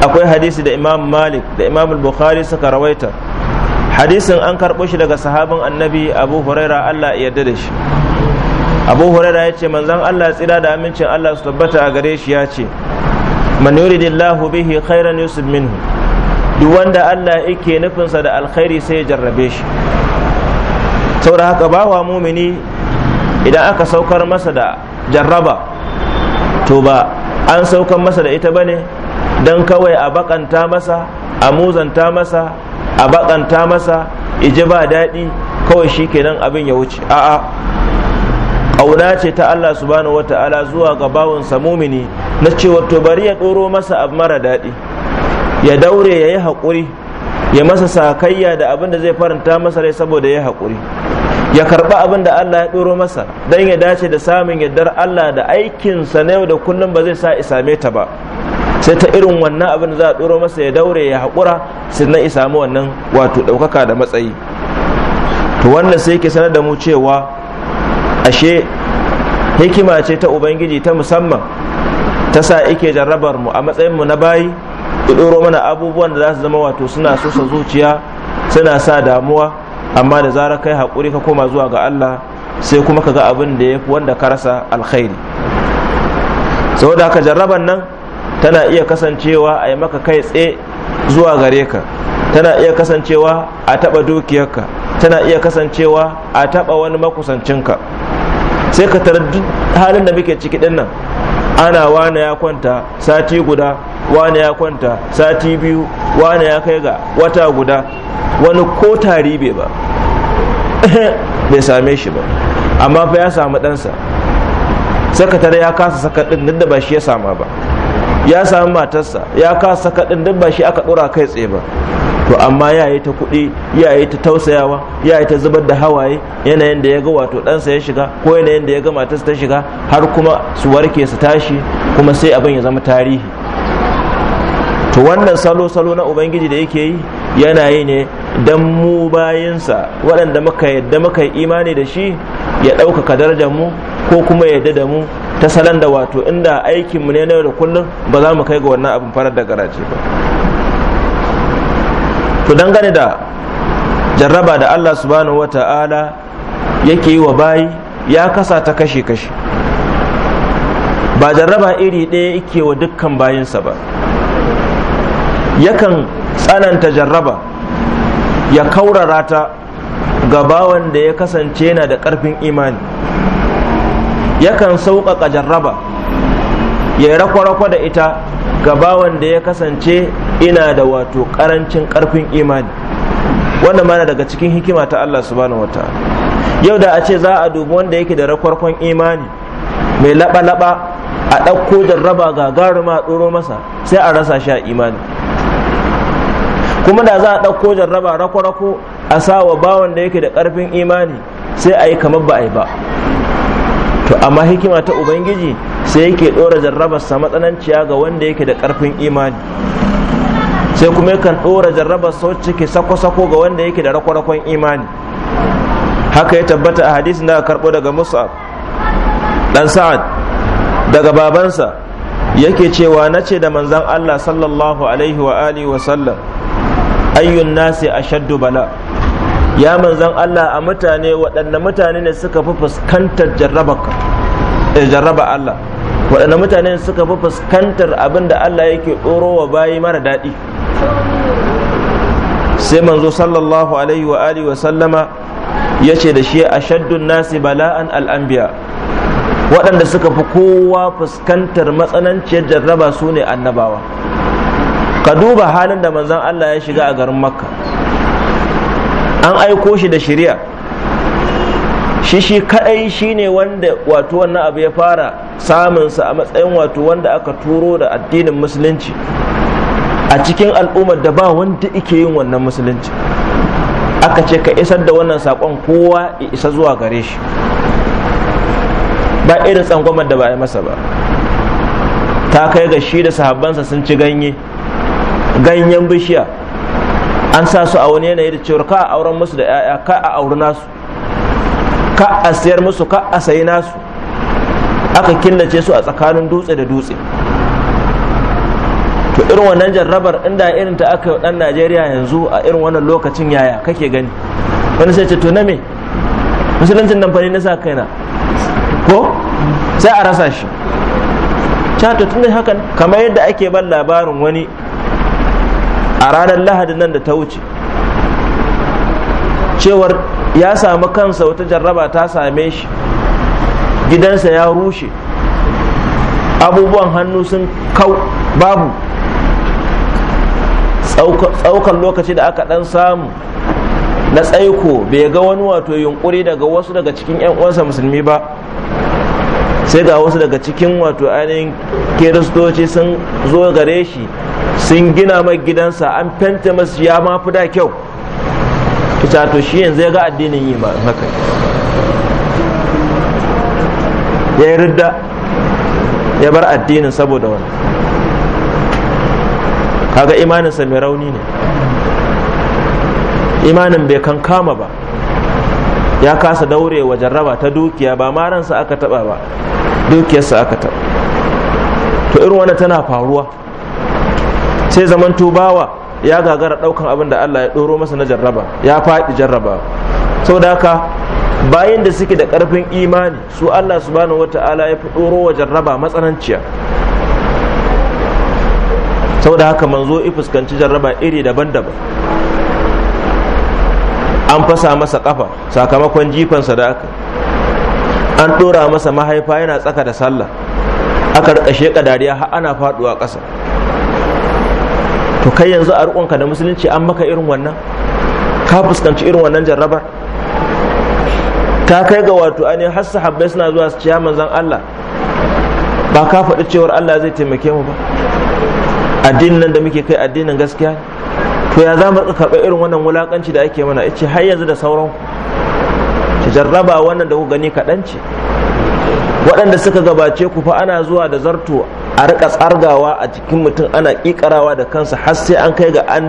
akwai hadisi da imam malik da imam bukhari suka rawaita hadisin an karɓo shi daga sahabin annabi abu huraira allah ya da shi abu huraira ya ce manzan allah tsira da amincin allah su tabbata a gare shi ya ce man yuridillahu bihi khairan yusuf minhu duk wanda allah yake nufinsa da alkhairi sai ya jarrabe shi saboda haka bawa mumini idan aka saukar masa da jarraba to ba an saukar masa da ita ba ne? don kawai a bakanta masa a muzanta masa a bakanta masa iji ba daɗi kawai shi kenan abin ya wuce a'a ƙauna ce ta Allah subhanahu wata'ala zuwa ga bawansa mumini na cewa to bari ya ɗoro masa abu mara daɗi ya daure ya yi haƙuri ya masa sakayya da abin da zai faranta masa rai saboda ya hakuri. ya karɓi abin da Allah ya ɗoro masa don ya dace da samun yardar Allah da aikinsa na yau da kullum ba zai sa isame ta ba sai ta irin wannan abin za a ɗoro masa ya daure ya haƙura na isa mu wannan wato ɗaukaka da matsayi to wannan sai ke sanar da mu cewa ashe hikima ce ta ubangiji ta musamman ta sa ike jarrabar mu a matsayin mu na bayi ya ɗoro mana abubuwan da za su zama wato suna sa zuciya suna sa damuwa amma da zarar kai haƙuri ka koma zuwa ga Allah sai kuma ka ga abin da ya fi wanda ka rasa alkhairi saboda ka jarraban nan tana iya kasancewa a yi maka kai tse zuwa gare ka tana iya kasancewa a taɓa dukiyarka tana iya kasancewa a taɓa wani makusancinka sai ka tarar halin da muke ciki ɗin nan ana wane ya kwanta sati guda wane ya kwanta sati biyu wane ya kai ga wata guda wani ko tari bai ba bai same shi ba amma fa ya samu ɗansa sakatare ya kasa saka ɗin da ba shi ya sama ba ya sami matarsa ya kasa kaɗin duk ba shi aka ɗora kai tsaye ba to amma ya yi ta kuɗi ya yi ta tausayawa ya yi ta zubar da hawaye yanayin da ya ga wato ɗansa ya shiga ko yanayin da ya ga matarsa ta shiga har kuma su warke su tashi kuma sai abin ya zama tarihi to wannan salo-salo na ubangiji da yake yi yana yi ne don mu bayansa waɗanda muka yadda muka yi imani da shi ya ɗaukaka darajar mu ko kuma yadda da mu ta salon da wato inda aikin mu ne na yau da kullum ba za mu kai ga wannan abin farar da garaje ba to dangane da jarraba da Allah subhanahu wata'ala yake yi wa bayi ya kasa ta kashe kashe ba jarraba iri ɗaya yake wa dukkan bayinsa ba yakan tsananta jarraba ya kaurara ta ga bawan da ya kasance yana da ƙarfin imani yakan sauƙaƙa jarraba ya rakwa-rakwa da ita ga bawan ya kasance ina da wato ƙarancin ƙarfin imani wanda mana daga cikin hikima ta Allah subhanahu wata. yau da a ce za a dubi wanda yake da rakwarkon imani mai laba-laba a ɗauko jarraba garuma a tsoro masa sai a rasa shi a imani kuma da za a ɗauko jarraba rakwarako a sa wa bawan da yake da ƙarfin imani sai a yi kamar ba a yi ba to amma hikima ta ubangiji sai yake ɗora jarrabarsa matsananciya ga wanda yake da karfin imani sai kuma yakan ɗora jarrabarsa wacce ke sako-sako ga wanda yake da rakwarakon imani haka ya tabbata a hadisin da aka karɓo daga mus'ab dan sa'ad daga babansa yake cewa na ce da manzan Allah sallallahu alaihi wa alihi wa sallam ayyun nasi ashaddu bala ya manzan Allah a mutane waɗanne mutane ne suka fi fuskantar eh, jarraba Allah waɗanne mutane suka fi fuskantar abin da Allah yake ɗoro wa bayi mara daɗi sai manzo sallallahu alaihi wa alihi wa sallama ya ce da shi a shaddun nasi bala'an al'ambiya waɗanda suka fi kowa fuskantar matsananciyar jarraba su ne annabawa ka duba halin da Manzan Allah ya shiga a garin makka an aiko shi da shari'a shi shi kadai shine wanda wato wannan abu ya fara samunsa a matsayin wato wanda aka turo da addinin musulunci a cikin al'ummar da ba wanda ike yin wannan musulunci aka ce ka isar da wannan saƙon kowa ya isa zuwa gare shi ba irin tsangwamar da ba a masa ba ta kai ga shi da sahabbansa sun ci ganye ganyen bishiya an sa su a wani yanayi da cewar ka a auren musu da 'ya'ya ka a auri nasu ka a siyar musu ka a sayi nasu aka killace su a tsakanin dutse da dutse to irin wannan jarrabar inda irin ta aka dan najeriya yanzu a irin wannan lokacin yaya kake gani wani sai ce to na me musuluncin nan fari na sa kaina ko sai a rasa shi cato tun da hakan kamar yadda ake ban labarin wani a ranar lahadin nan da ta wuce cewar ya sami kansa wata jarraba ta same shi gidansa ya rushe abubuwan hannu sun kau babu tsaukan lokaci da aka dan samu na tsaiko bai ga wani wato yunkuri daga wasu daga cikin 'yan uwansa musulmi ba sai ga wasu daga cikin wato ainihin kiristoci sun zo gare shi sun gina mai gidansa an fenta masu ya ma fi da kyau ita to shi yanzu ya ga addinin yi haka ya yi ridda ya bar addinin saboda wani kaga imaninsa mai rauni ne imanin bai kan kama ba ya kasa daure wa jarraba ta dukiya ba ma ransa aka taba ba dukiyarsa aka taba to irin wani tana faruwa sai zaman tubawa ya gagara daukan abin da Allah ya doro masa na jarraba ya faɗi jarraba sau da haka bayan da suke da ƙarfin imani su Allah subhanahu wata'ala ya fi doro wa jarraba matsananciya sau da haka manzo i fuskanci jarraba iri daban-daban an fasa masa kafa sakamakon jifansa da aka an ɗora masa mahaifa yana tsaka da sallah aka rika sheƙa dariya har ana faduwa ƙasa to kai yanzu a rukunka da musulunci an maka irin wannan ka fuskanci irin wannan jarrabar ta kai ga wato ainihin har sahabbai suna zuwa su ciya manzan Allah ba ka faɗi cewar Allah zai taimake mu ba addinin nan da muke kai addinin gaskiya to ya za mu karɓar irin wannan wulakanci da ake mana ce har yanzu da sauran jarraba wannan da ku gani kaɗan ce waɗanda suka gabace ku fa ana zuwa da zarto a rika tsargawa a cikin mutum ana kikarawa da kansa har sai an kai ga an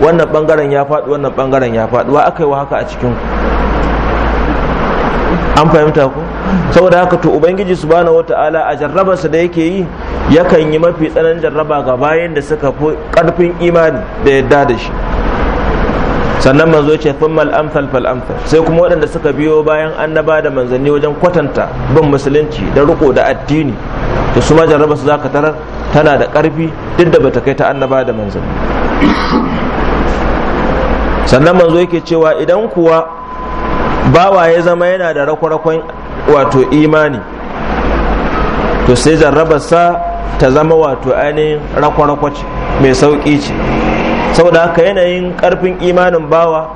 wannan bangaren ya faɗi wannan bangaren ya faɗi wa aka yi wa haka a cikin an fahimta ku saboda haka to ubangiji subhanahu wata'ala a jarrabarsa da yake yi yakan yi mafi tsananin jarraba ga bayan da suka fi karfin imani da yadda da shi sannan manzo ce thummal amsal fal amsal sai kuma waɗanda suka biyo bayan annaba da manzanni wajen kwatanta bin musulunci da riko da addini To su ma jarraba su zaka tarar tana da karfi duk da bata kai ta annaba da manzan sannan manzo yake cewa idan kuwa bawa ya zama yana da rakwarakwan wato imani to sai sa ta zama wato ainihin rakwarakwa ce mai sauƙi ce saboda haka yanayin karfin imanin bawa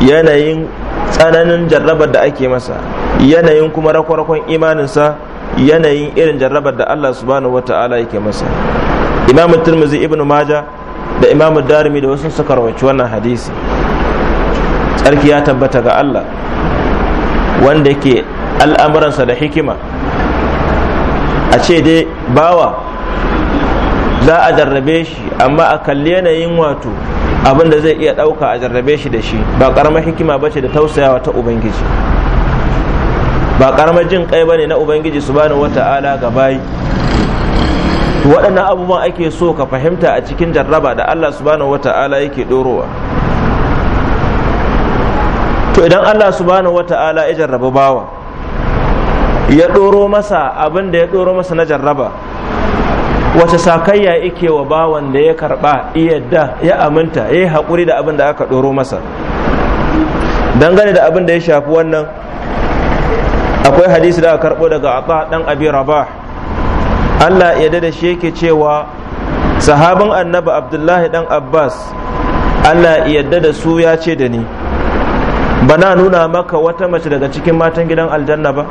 yanayin tsananin jarrabar da ake masa yanayin kuma rakwarakwan imaninsa yanayin irin jarrabar da Allah subhanahu ta'ala yake masa Imam Tirmidhi Ibn maja da Imam Darimi da wasu suka rawaci wannan hadisi tsarki ya tabbata ga Allah wanda ke al'amuransa da hikima a ce dai bawa za a jarrabe shi amma a kalli yanayin wato abin da zai iya ɗauka a jarrabe shi da shi ba ƙaramar hikima ba ce da tausayawa ta ubangiji ba karamar jin kai bane na ubangiji subhanahu wata'ala ga bayi waɗannan abubuwan ake so ka fahimta a cikin jarraba da Allah subhanahu wata'ala yake ɗorowa to idan Allah subhanahu wata'ala ya jarraba bawa ya ɗoro masa abin da ya ɗoro masa na jarraba wace sakayya yake wa bawan da ya karba yadda ya aminta ya yi haƙuri da abin da aka ɗoro masa dangane da abin da ya shafi wannan akwai hadisi da aka karbo daga ata ɗan abi rabah Allah ya da shi yake cewa sahabin annabi abdullahi ɗan abbas Allah ya da su ya ce da ni bana nuna maka wata mace daga cikin matan gidan aljanna ba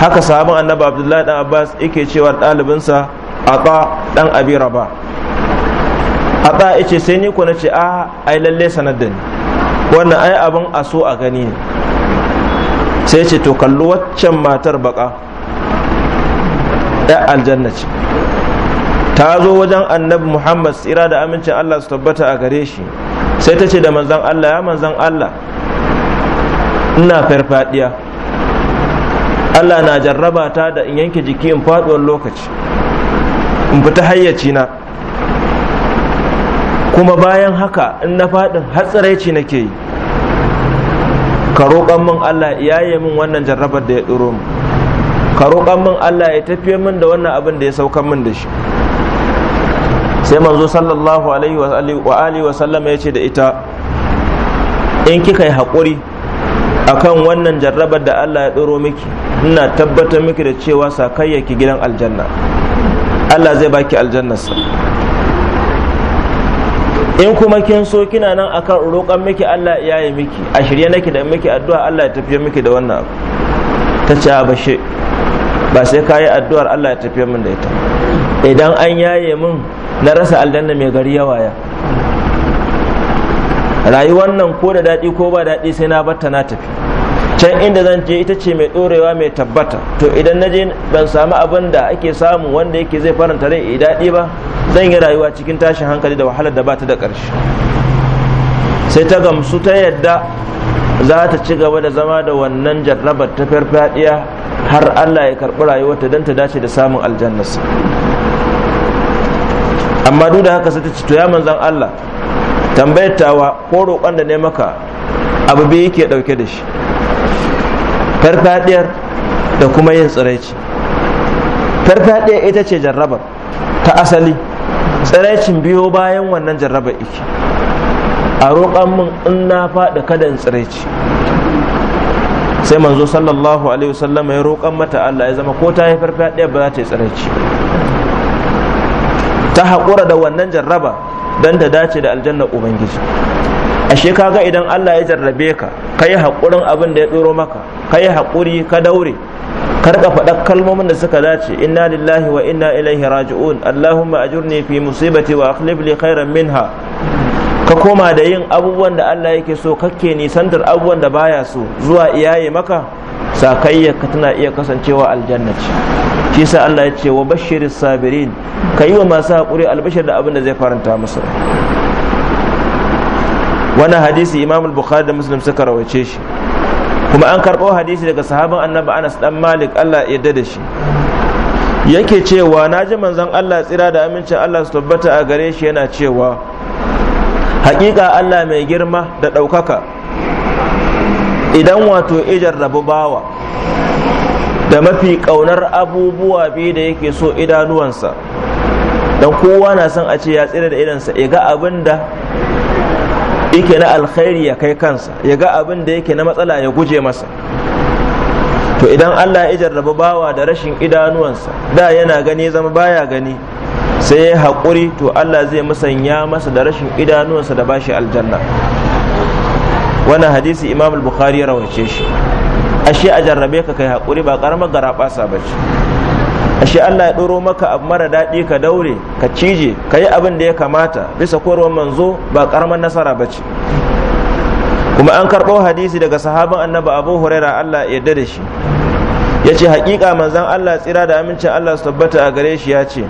haka sahabin annabi abdullahi ɗan abbas yake cewa ɗalibinsa ata ɗan abi rabah ya ce sai ni kuna ce a ai lalle sanar da ni wannan ai abin a so a gani ne sai ce to kalli waccan matar baka ya aljanna ce ta zo wajen annabi muhammad tsira da amincin allah su tabbata a gare shi sai ta ce da manzan allah ya manzan allah ina farfadiya allah na jarraba ta da in yanke jiki in faduwar lokaci in fita hayyaci na kuma bayan haka in na faɗin hatsaraici nake yi ka roƙon min Allah ya yi min wannan jarrabar da ya ɗoro mu ka roƙon min Allah ya tafiye min da wannan abin da ya saukan min da shi sai manzo sallallahu alaihi wa alihi wa sallama ya ce da ita in kika yi haƙuri akan wannan jarrabar da Allah ya ɗoro miki ina tabbatar miki da cewa ki gidan aljanna Allah zai baki aljannarsa in kuma kin so kina nan akan roƙon miki Allah ya yi miki a shirye nake da miki addu'a Allah ya tafiye miki da wannan abu ta ce a bashe ba sai ka yi addu'ar Allah ya tafiye min da ita idan an yaye min na rasa aljanna mai gari yawa ya rayuwar nan ko da daɗi ko ba daɗi sai na batta na tafi can inda zan je ita ce mai ɗorewa mai tabbata to idan na je ban samu abin da ake samu wanda yake zai faranta rai daɗi ba zan yi rayuwa cikin tashin hankali da wahalar da ba ta da ƙarshe sai ta gamsu ta yadda za ta ci gaba da zama da wannan jarrabar ta farfadiya har Allah ya karɓi rayuwarta don ta dace da samun aljannas. amma duk da haka sai ta ci to ya manzan Allah tambayar tawa ko roƙon da ne maka abu biyu yake ɗauke da shi farfadiyar da kuma yin tsiraici farfadiyar ita ce jarrabar ta asali tsiraicin biyo bayan wannan jarraba iki a roƙon min in na faɗi kada in tsiraici sai manzo sallallahu alaihi wasallam ya roƙon mata Allah ya zama ko ta yi farfaɗiya ba za ta yi tsiraici ta haƙura da wannan jarraba don ta dace da aljanna ubangiji ashe kaga idan Allah ya jarrabe ka ka yi haƙurin abin da ya tsoro maka ka yi haƙuri ka daure ka faɗa kalmomin da suka dace inna lillahi wa inna ilaihi raji'un allahumma ajurni fi musibati wa akhlif li khairan minha ka koma da yin abubuwan da Allah yake so kake nisantar abubuwan da baya so zuwa iyaye maka sakayya ka tana iya kasancewa aljanna ce shi sa Allah ya ce wa bashirin sabirin ka yi wa masu haƙuri albashir da abin da zai faranta musu Wani hadisi imamul bukhari da muslim suka rawace shi kuma an karɓo hadisi daga sahaban annabi anas dan malik allah yadda da shi yake cewa na ji manzon allah tsira da amincin allah su tabbata a gare shi yana cewa hakika allah mai girma da ɗaukaka idan wato ijar rabu bawa da mafi ƙaunar abubuwa biyu da yake so idanuwansa don kowa na son a ce ya tsira da idansa ya ga abin da yake na alkhairi ya kai kansa ya ga abin da yake na matsala ya guje masa to idan Allah ya jarraba bawa da rashin idanuwansa da yana gani zama baya gani sai ya hakuri to Allah zai musanya masa da rashin idanuwansa da bashi aljanna wannan hadisi imam al-bukhari ya rawace shi ashe a jarrabe ka kai hakuri ba karamar garaɓa ba ashe Allah ya ɗoro maka abu mara daɗi ka daure ka cije ka yi abin da ya kamata bisa korwar manzo ba ƙaramar nasara ba ce kuma an karɓo hadisi daga sahaban annabi abu huraira Allah ya da shi ya ce haƙiƙa manzan Allah tsira da amincin Allah su tabbata a gare shi ya ce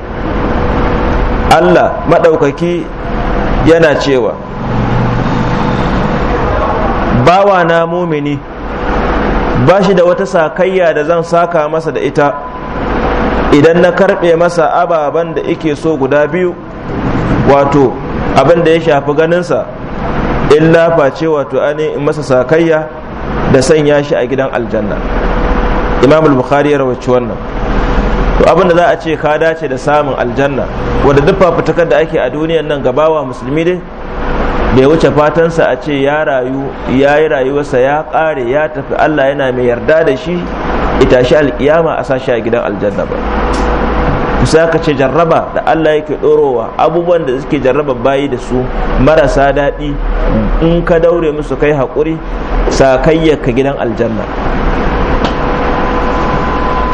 Allah maɗaukaki yana cewa bawa na mumini ba shi da wata sakayya da zan saka masa da ita idan na karbe masa ababen da ike so guda biyu wato abin da ya shafi ganinsa illa face wato ani in masa sakayya da sanya shi a gidan aljanna imam bukhari ya rawaci wannan to abin da za a ce ka dace da samun aljanna wanda duk fafutukar da ake a duniyan nan gabawa musulmi dai bai wuce fatansa a ce ya rayu ya yi rayuwarsa ya kare ya tafi allah yana mai yarda da shi ita shi alkiyama a sashi a gidan aljanna ba kusa ka ce jarraba da Allah yake ɗorowa abubuwan da suke jarraba bayi da su marasa daɗi in ka daure musu kai haƙuri sakayyar ka gidan aljanna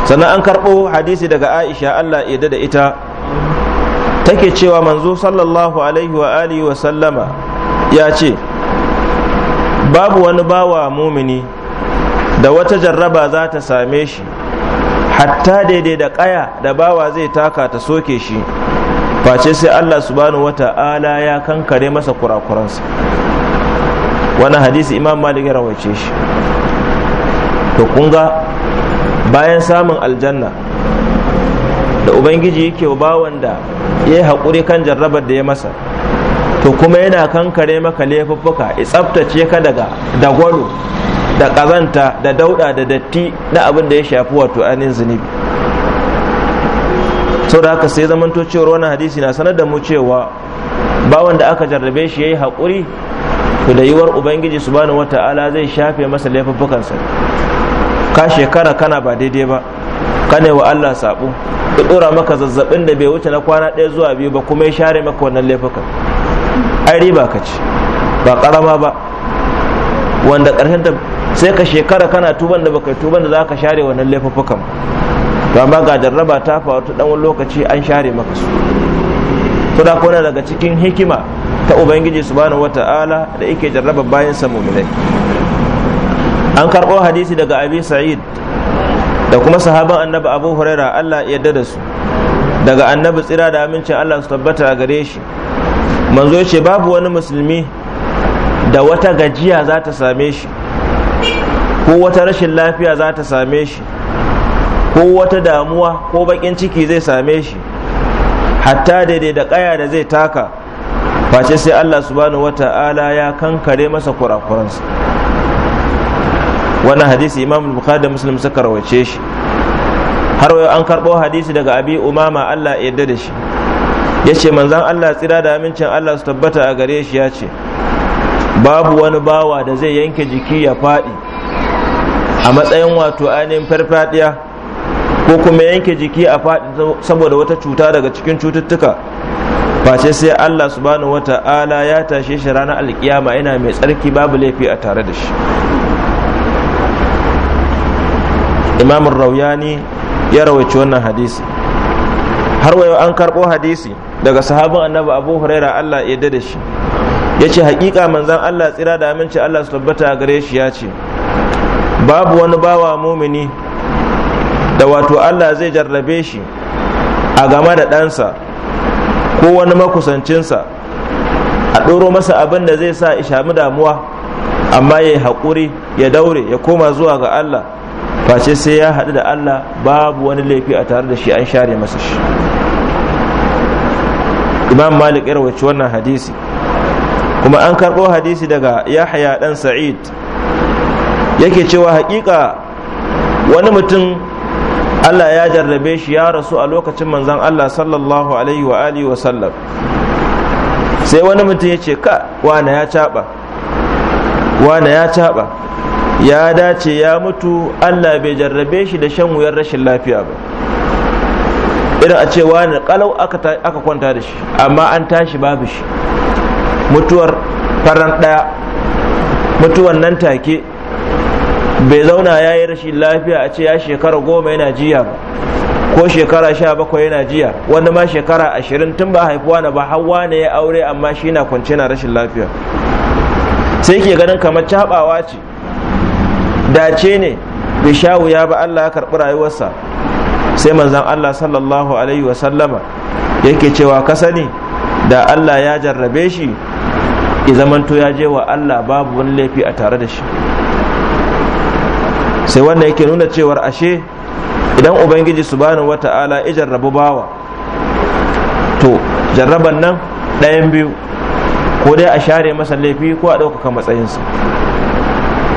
sannan an karɓo hadisi daga aisha Allah yadda da ita take cewa manzo sallallahu alaihi wa alihi wa sallama ya ce babu wani bawa mumini da wata jarraba za ta same shi hatta daidai da kaya da bawa zai taka ta soke shi face sai Allah subhanahu wata'ala ya kankare masa kurakuransa wani hadisi imam malik ya rawace shi to kun ga bayan samun aljanna da ubangiji yake bawan da ya yi haƙuri kan jarrabar da ya masa to kuma yana kankare maka laifuffuka ya tsaftace ka daga dagwalo da kazanta, da dauɗa da datti na abin da ya shafi wato ainihin zunubi sau da haka sai zamanto cewar wani hadisi na sanar da mu cewa bawan da aka jarrabe shi ya yi haƙuri to da yiwuwar ubangiji su bani wata'ala zai shafe masa laifuffukansa ka shekara kana ba daidai ba ne wa Allah sabo ya ɗora maka zazzabin da bai wuce na kwana ɗaya zuwa biyu ba kuma ya share maka wannan laifukan ai riba ka ci ba karama ba wanda ƙarshen sai ka shekara kana tuban da baka tuban da zaka share wannan laifuffukan to amma ga jarraba ta faru ta dan lokaci an share maka su to da kona daga cikin hikima ta ubangiji subhanahu wata'ala da yake jarraba bayan sa mu'minai an karɓo hadisi daga abi sa'id da kuma sahaban annabi abu huraira allah yarda da su daga annabi tsira da amincin allah su tabbata a gare shi manzo ce babu wani musulmi da wata gajiya za ta same shi ko wata rashin lafiya za ta same shi ko wata damuwa ko bakin ciki zai same shi hatta daidai da kaya da zai taka face sai Allah subhanahu wata'ala ya kankare masa kurakuransa Wani hadisi imam bukhari da muslim suka rawace shi har wayo an karbo hadisi daga abi umama Allah ya yarda da shi ya ce manzan Allah tsira da amincin Allah su tabbata a gare shi yace. babu wani bawa da zai yanke jiki ya faɗi a matsayin wato ainihin farfadiya ko kuma yanke jiki a faɗi saboda wata cuta daga cikin cututtuka face sai Allah subhanahu wa ta'ala ya tashe shi ranar alkiyama yana mai tsarki babu laifi a tare da shi imamun rauyani ya rawaici wannan hadisi har wayo an karɓo hadisi daga sahabin annabi abu huraira Allah ya da shi ya ce hakika manzan Allah tsira da aminci Allah su tabbata gare shi ya ce babu wani bawa mumini da wato Allah zai jarrabe shi a game da ɗansa ko wani makusancinsa a ɗoro masa abin da zai sa ishami damuwa amma ya yi haƙuri ya daure ya koma zuwa ga Allah face sai ya haɗu da Allah babu wani laifi a tare da shi an share masa shi imam malik ya wannan hadisi kuma an karɓo hadisi daga yahaya ɗan sa'id yake cewa hakika wani mutum Allah ya jarrabe shi ya rasu a lokacin manzan Allah sallallahu alaihi wa alihi wa sallam sai wani mutum ya ce ka wane ya caba wane ya caɓa ya dace ya mutu Allah bai jarrabe shi da shan wuyar rashin lafiya ba irin a ce wani kalau aka kwanta da shi amma an tashi babu shi mutuwar faran ɗaya mutuwan nan take bai zauna ya yi rashin lafiya a ce ya shekara goma yana jiya ko shekara sha bakwai yana jiya wanda ma shekara ashirin tun ba haifuwa na ba hawa ne ya aure amma shi na kwance na rashin lafiya sai ke ganin kamar cabawa ce dace ne bai sha wuya ba allah ya karɓi rayuwarsa sai manzan allah sallallahu alaihi wasallama yake cewa ka sani da allah ya jarrabe shi i zamanto ya je wa allah babu wani laifi a tare da shi sai wannan yake nuna cewar ashe idan ubangiji subhanahu wata'ala ya jarrabu bawa to jarraban nan ɗayan biyu ko dai a share masa laifi ko a ɗaukaka matsayinsa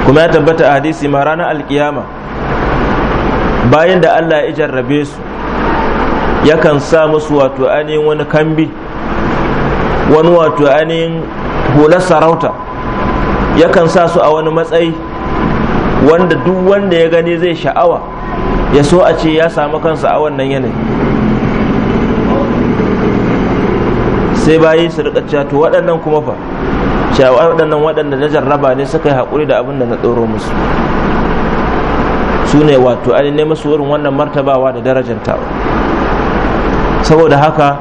kuma ya tabbata a hadisi ma ranar alkiyama bayan da allah ya jarrabe su yakan sa musu wato ainihin wani kambi wani wato ainihin hular sarauta yakan sa su a wani matsayi wanda duk wanda ya gani zai sha'awa ya so a ce ya samu kansa a wannan yanayi sai bayi su rika to waɗannan kuma fa cewa waɗannan waɗanda na jarraba ne suka yi haƙuri da abin da na tsoro musu su ne wato an ne wurin wannan martabawa da darajantawa saboda haka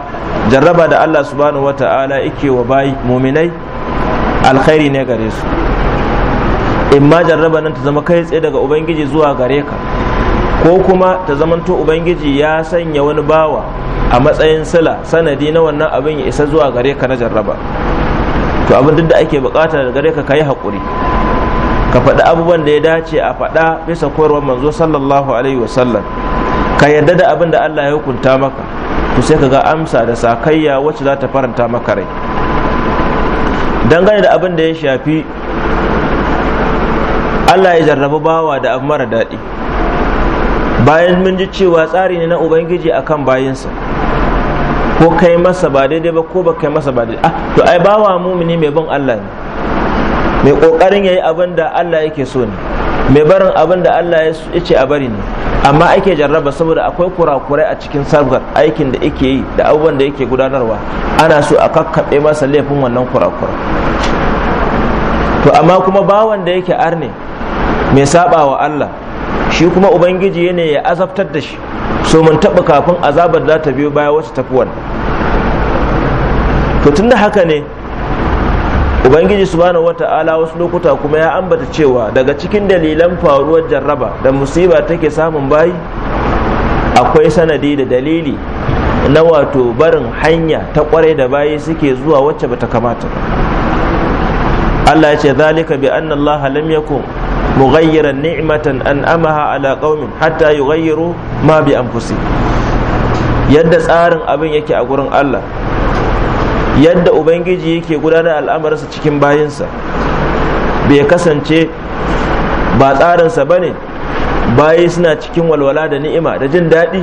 jarraba da Allah subhanahu ta'ala yake wa bayi muminai alkhairi ne gare su in ma jarraba nan ta zama kai tsaye daga ubangiji zuwa gare ka ko kuma ta zamanto ubangiji ya sanya wani bawa a matsayin sila sanadi na wannan abin ya isa zuwa gare ka na jarraba to abin duk da ake bukata daga gare ka kayi haƙuri ka faɗi abubuwan da ya dace a faɗa bisa koyarwar manzo sallallahu alaihi wasallam ka yarda da abin da Allah ya hukunta maka to sai ka ga amsa da sakayya wacce za ta faranta maka rai dangane da abin da ya shafi Allah ya jarrabi bawa da abu mara daɗi bayan mun ji cewa tsari ne na ubangiji akan bayansa. ko kai masa ba daidai ba ko ba kai masa ba daidai ah to ai bawa mumini mai bin Allah ne mai kokarin yayi abin da Allah yake so ne mai barin abin da Allah ya ce a bari ne amma ake jarraba saboda akwai kurakurai a cikin sabgar aikin da yake yi da abubuwan da yake gudanarwa ana so a kakkaɓe masa laifin wannan kurakura. to amma kuma bawan da yake arne mai saba wa Allah shi kuma ubangiji yane ya azabtar da shi so mun taɓa kafin azabar za ta biyo baya wata tafi to tunda haka ne ubangiji subhanahu wata'ala wasu lokuta kuma ya ambata cewa daga cikin dalilan faruwar jarraba da musiba take samun bayi akwai sanadi da dalili na wato barin hanya ta kwarai da bayi suke zuwa wacce bata kamata Allah ya ce zalika bi anna Allah lam yakun mughayyiran ni'matan an'amaha ala qaumin hatta yughayyiru ma bi anfusihim yadda tsarin abin yake a gurin Allah yadda ubangiji yake gudanar al'amarsa cikin bayinsa bai kasance ba tsarinsa ba ne bayi suna cikin walwala da ni'ima da jin daɗi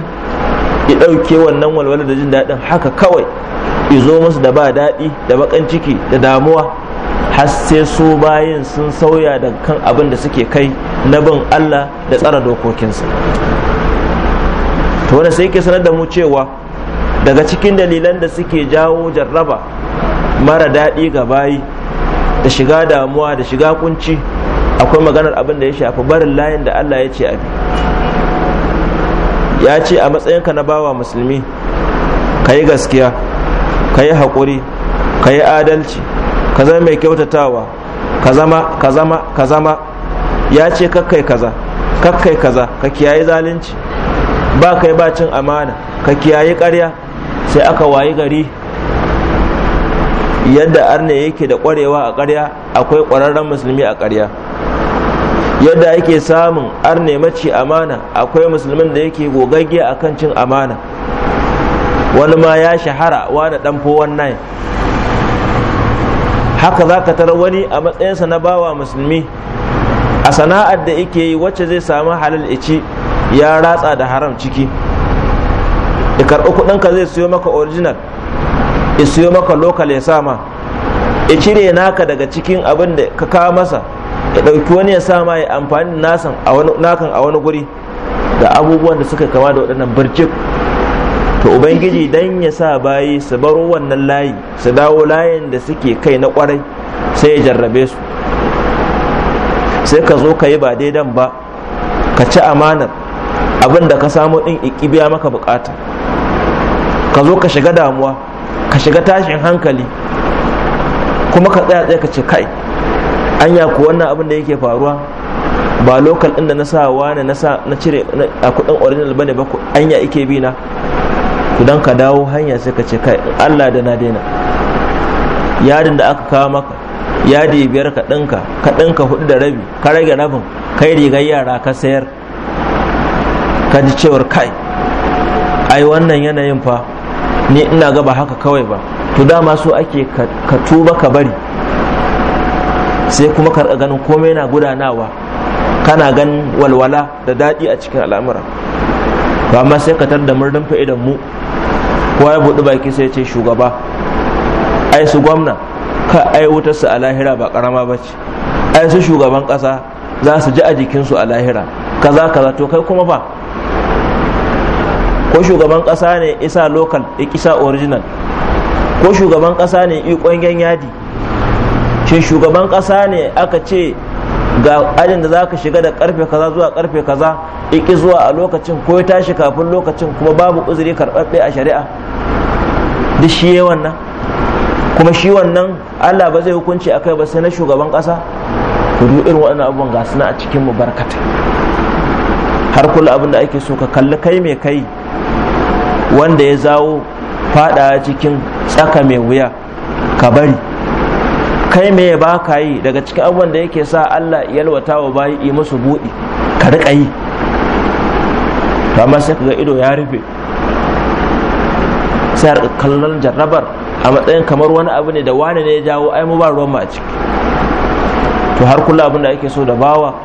i ɗauke wannan walwala da jin daɗin haka kawai izo musu da ba daɗi da bakan ciki da damuwa har sai su bayin sun sauya da kan abin da suke kai na bin Allah da tsara dokokinsa to wanda sai ke sanar da mu cewa daga cikin dalilan da suke jawo jarraba mara daɗi ga bayi da shiga damuwa da shiga kunci akwai maganar abin da ya shafi barin layin da Allah ya ce abi ya ce a matsayinka na bawa musulmi ka yi gaskiya ka yi haƙuri ka yi adalci ka zama mai kyautatawa ka zama ka zama ka zama ya ce kakkai kaza kakkai kaza ka kiyaye zalunci ba kai ba cin amana ka kiyaye ƙarya sai aka wayi gari yadda arne yake da ƙwarewa a karya, akwai ƙwararren musulmi a karya. yadda yake samun arne mace amana akwai musulmin da yake gogagge akan cin amana wani ma ya shahara wani ɗanfowar 419 haka za ka tara wani a matsayinsa na bawa musulmi a sana'ar da yake yi wacce zai samu halal ici ya ratsa da haram ciki da karɓi kuɗinka zai siyo maka original ya siyo maka lokal ya sama ya cire naka daga cikin abin da ka kawo masa ya ɗauki wani ya sama ya amfani da nakan a wani guri da abubuwan da suka kama da waɗannan birjik to ubangiji dan ya sa bayi su baro wannan layi su dawo layin da suke kai na kwarai sai ya jarrabe su sai ka zo ka yi ba daidan ba ka ci amanar abin da ka samu din iki maka bukata ka zo ka shiga damuwa ka shiga tashin hankali kuma ka tsaya tsaye ka ce kai anya ku wannan abin da yake faruwa ba lokal ɗin da na sa wani na cire a kudin original bane ba ku anya ike bi na idan ka dawo hanya sai ka ce kai Allah da na daina yadin da aka kawo maka yadi biyar ka ɗinka ka ɗinka hudu da rabi ka rage rabin kai rigar yara ka sayar ka ji cewar kai ai wannan yanayin fa ni ina gaba haka kawai ba to dama su ake ka tuba ka bari sai kuma ka ganin komai na gudanawa kana ganin walwala da daɗi a cikin al'amura ba amma sai ka tarda murdin fa'idan mu kowa ya buɗi baki sai ya ce shugaba ai su gwamna ka ai wutarsu a lahira ba ƙarama ba ce ai su shugaban ƙasa za su ji a jikinsu a lahira kaza kaza to kai kuma ba ko shugaban ƙasa ne isa local isa original ko shugaban ƙasa ne ikon yadi shin shugaban ƙasa ne aka ce ga ajin da za ka shiga da karfe kaza zuwa karfe kaza iki zuwa a lokacin ko ya tashi kafin lokacin kuma babu uzuri karɓaɓɓe a shari'a duk shi ya wannan kuma shi wannan Allah ba zai hukunci a kai ba sai na shugaban kasa. ku duk irin waɗannan abubuwan ga suna a cikin mu barkatai har kula abin da ake so ka kalli kai mai kai wanda ya zawo fada cikin tsaka mai wuya ka bari kai me ba ka yi daga cikin abubuwan da yake sa Allah yalwata wa bayi yi musu buɗi ka riƙa yi amma sai ka ga ido ya rufe sai har kallon jarrabar a matsayin kamar wani abu ne da wani ne ya jawo ai mu ba ruwan mu a ciki to har kula abin da ake so da bawa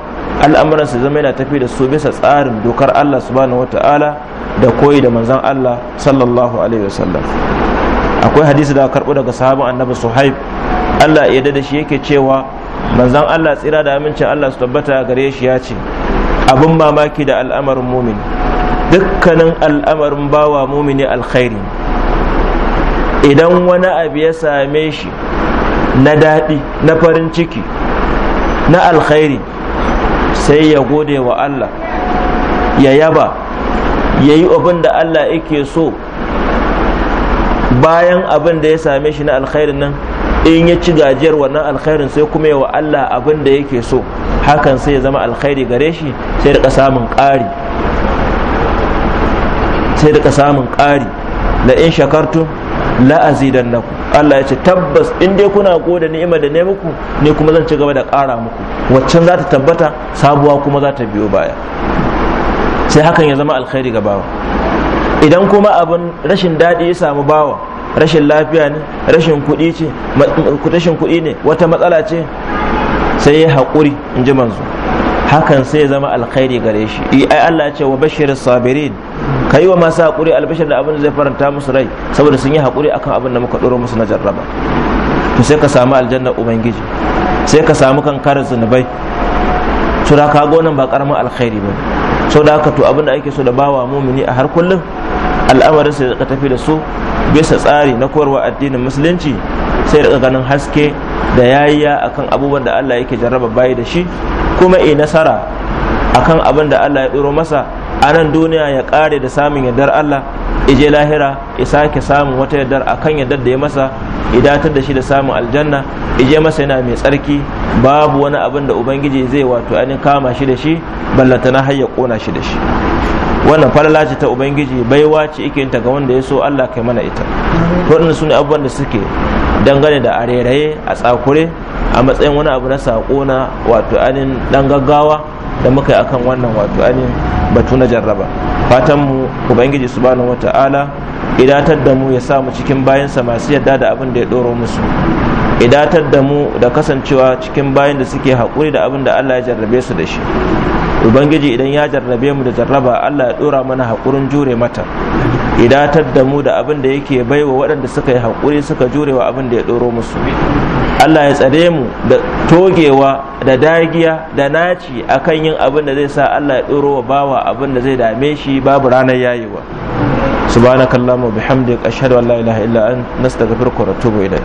al'amuran su zama yana tafi da su bisa tsarin dokar Allah subhanahu wata'ala da koyi da manzon Allah sallallahu alaihi wasallam akwai hadisi da karɓo daga sahabin annabi Suhaib Allah ya da shi yake cewa manzon Allah tsira da amincin Allah su tabbata gare shi ya ce abin mamaki da al'amarin mumin dukkanin al'amarin bawa mumini alkhairi idan wani abu ya same shi na daɗi na farin ciki na alkhairi sai ya gode wa Allah ya yaba ya yi abin da Allah yake so bayan abin da ya same shi na alkhairin nan in ya ci gajiyar wannan alkhairin sai kuma yawa Allah abin da yake so hakan sai ya zama alkhairi gare shi sai rika samun ƙari sai rika samun ƙari la in shakartu la ku. Allah ya ce tabbas in dai kuna goda ni'ima da ne muku ne kuma zan ci gaba da ƙara muku waccan za ta tabbata sabuwa kuma za ta biyo baya sai hakan ya zama alkhairi ga bawa idan kuma abin rashin daɗi ya samu bawa rashin lafiya ne rashin kuɗi ce rashin kuɗi ne wata matsala ce sai ya haƙuri in ji manzo hakan sai ya zama alkhairi gare shi ai Allah ce wa bashir sabirin yi wa masu haƙuri albashir da abin zai faranta musu rai saboda sun yi haƙuri akan abin da muka ɗoro musu na jarraba to sai ka samu aljanna ubangiji sai ka samu kan kankarar zunubai to da ka gonan ba karamin alkhairi ba so da haka to abin da ake so da bawa mumini a har kullum al'amarin sai ka tafi da su bisa tsari na koyarwa addinin musulunci sai daga ganin haske da yayya akan abubuwan da Allah yake jarraba bayi da shi kuma e nasara akan abin da Allah ya ɗoro masa a nan duniya ya ƙare da samun yardar Allah ije lahira ya sake samun wata yardar akan yardar da ya masa idatar da shi da samun aljanna ije masa yana mai tsarki babu wani abin da ubangiji zai wato ainihin kama shi da shi ballantana har ya kona shi da shi wannan falala ce ta ubangiji baiwa ce ike ta ga wanda ya so Allah kai mana ita waɗanda su ne abubuwan da suke dangane da areraye a tsakure a matsayin wani abu na saƙo na wato anin dan gaggawa da muka yi akan wannan wato anin batu na jarraba fatan mu ubangiji bani wata'ala idatar da mu ya sa mu cikin bayansa masu yadda da abin da ya ɗoro musu idatar da mu da kasancewa cikin bayan da suke haƙuri da abin da Allah ya jarrabe su da shi ubangiji idan ya jarrabe mu da jarraba allah ya dora mana haƙurin jure mata idatar da mu da abin da yake baiwa waɗanda suka yi haƙuri suka jure wa abin da ya ɗoro musu allah ya tsare mu da togewa da dagiya da naci akan yin abin da zai sa allah ya ɗoro wa bawa abin da zai dame shi babu ranar yayewa subhanakallahumma bihamdika ashhadu an la ilaha illa anta nastaghfiruka wa atubu ilayk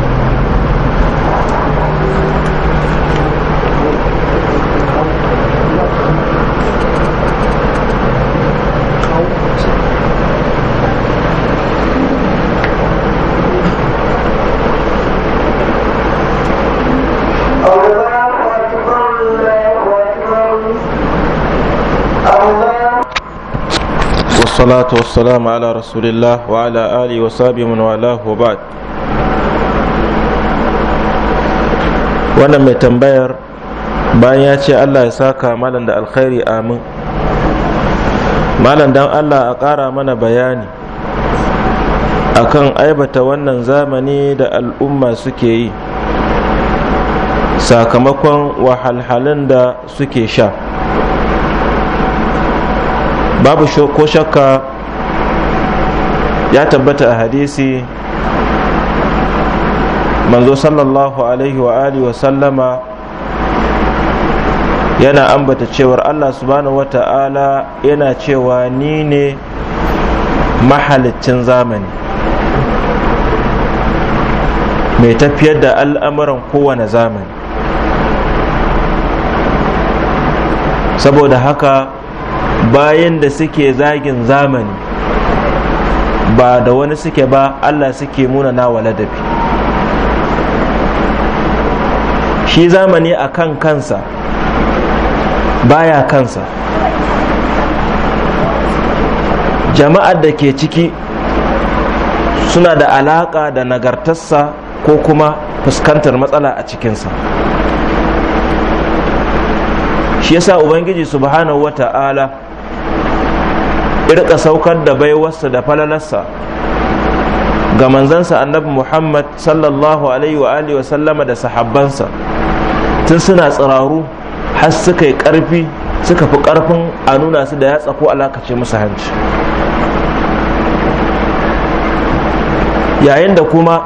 والصلاة والسلام ala رسول الله Ali wa وصحبه من والاه ba'ad. wannan mai tambayar bayan ya ce Allah ya saka malam da alkhairi amin malam dan Allah a ƙara mana bayani akan aibata wannan zamani da al'umma suke yi sakamakon wahalhalun da suke sha babu ko shakka ya tabbata a hadisi manzo sallallahu alaihi wa alihi wa sallama yana ambata cewar Allah subhanahu wa ta'ala yana cewa ni ne mahalicin zamani mai tafiyar da al'amuran kowane zamani saboda haka bayan da suke zagin zamani ba da wani suke ba Allah suke munana wa ladabi shi zamani a kan kansa baya kansa jama'ar da ke ciki suna da alaƙa da nagartarsa ko kuma fuskantar matsala a cikinsa shi yasa ubangiji subhanahu Ta'ala? irka saukar da baiwarsa da falalarsa ga manzansa annabi muhammad sallallahu alaihi wa alihi wa sallama da sahabbansa tun suna tsiraru har suka yi karfi suka fi karfin a nuna su da yatsa ko alakace musu hanci yayin da kuma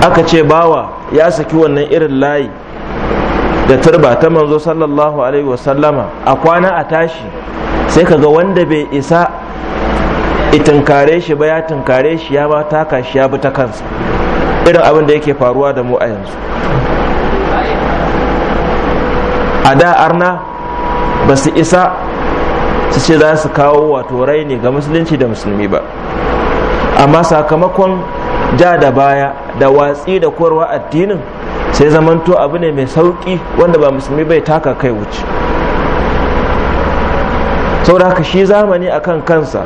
aka ce bawa ya saki wannan irin layi da turba ta manzo sallallahu alaihi wasallama a kwana a tashi sai ka ga wanda bai isa itinkare shi ba ya tinkare shi ya ba taka shi ya bi ta kansa irin abin da yake faruwa da mu a yanzu a da arna ba su isa su ce za su kawo wato raini ga musulunci da musulmi ba amma sakamakon ja da baya da watsi da korwa addinin sai zamanto abu ne mai sauƙi wanda ba musulmi bai taka kai wuce saboda haka shi zamani akan kansa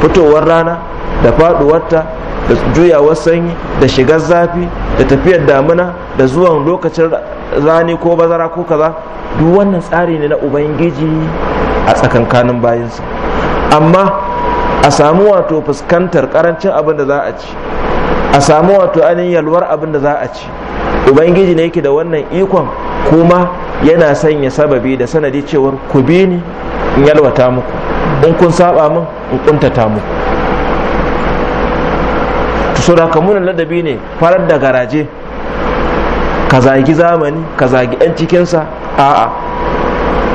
fitowar rana da faduwarta da juyawar sanyi da shigar zafi da tafiyar damuna da zuwan lokacin rani ko bazara ko kaza duk wannan tsari ne na ubangiji a tsakankanin bayansa amma a samu wato fuskantar karancin abin da za a ci a samu wato ainihin yalwar abin da za a ci ubangiji ne yake da wannan ikon kuma yana sanya sababi da sanadi cewar ku bi ni in yalwata muku in kun saba min in kuntata muku so da kamunan ladabi ne farar da garaje ka zagi zamani ka zagi 'yan cikinsa a'a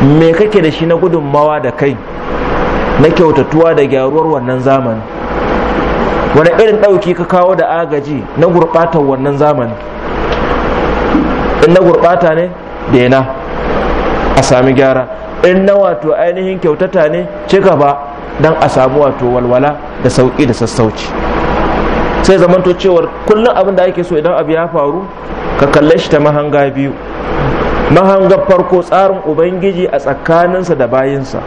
me kake da shi na gudunmawa da kai na kyautatuwa da gyaruwar wannan zamani wani irin ɗauki ka kawo da agaji na gurɓatar wannan zamani in na gurɓata ne dena a sami gyara in na wato ainihin kyautata ne ci gaba don a samu wato walwala da sauƙi da sassauci sai zamanto cewar kullum abin da ake so idan abu ya faru ka kalle shi ta mahanga biyu Mahanga farko tsarin ubangiji a tsakaninsa da bayinsa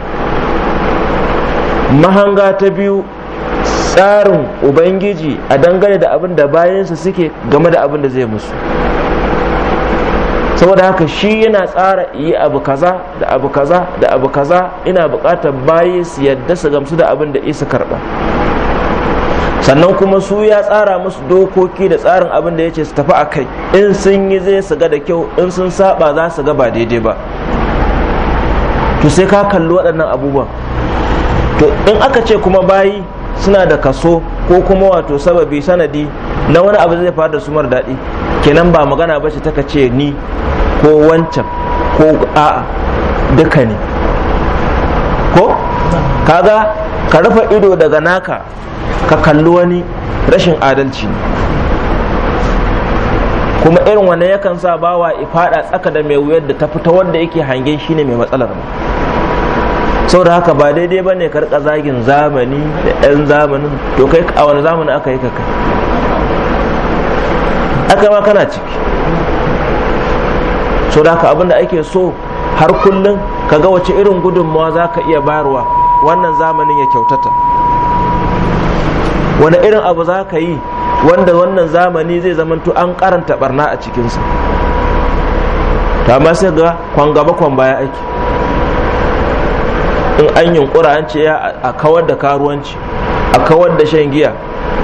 mahanga ta biyu tsarin ubangiji a dangane da abin da bayinsa suke game da abin da zai musu saboda haka shi yana tsara yi abu kaza da abu kaza da abu kaza ina bukatar bayi su yadda su gamsu da abin da isa karba. sannan kuma su ya tsara musu dokoki da tsarin abin da ya ce su tafi a kai in sun yi zai su ga da kyau in sun saba za su ga ba daidai ba to sai ka kalli waɗannan abubuwan to in aka ce kuma bayi suna da kaso ko kuma wato sababi sanadi na wani abu zai fara da su daɗi kenan ba magana ba ce ta kace ni ko wancan ko a'a duka ne ko kaga ka rufe ido daga naka ka kalli wani rashin adalci ne kuma irin wannan yakan sa bawa ifada tsaka da mai wuyar da ta fita wanda yake hangen shine mai matsalar mu saboda haka ba daidai ba ne ka rika zagin zamani da 'yan zamanin to kai a wani zamani aka yi ka ai kai ma kana ciki so da haka abinda ake so har kullum ka ga wace irin gudunmawa za ka iya bayarwa wannan zamanin ya kyautata wani irin abu za ka yi wanda wannan zamani zai zama zamanto an karanta barna a cikinsa ta ma sai ga kwan gaba kwan baya ake in an yi ƙura an ce a kawar da karuwanci a kawar da shan giya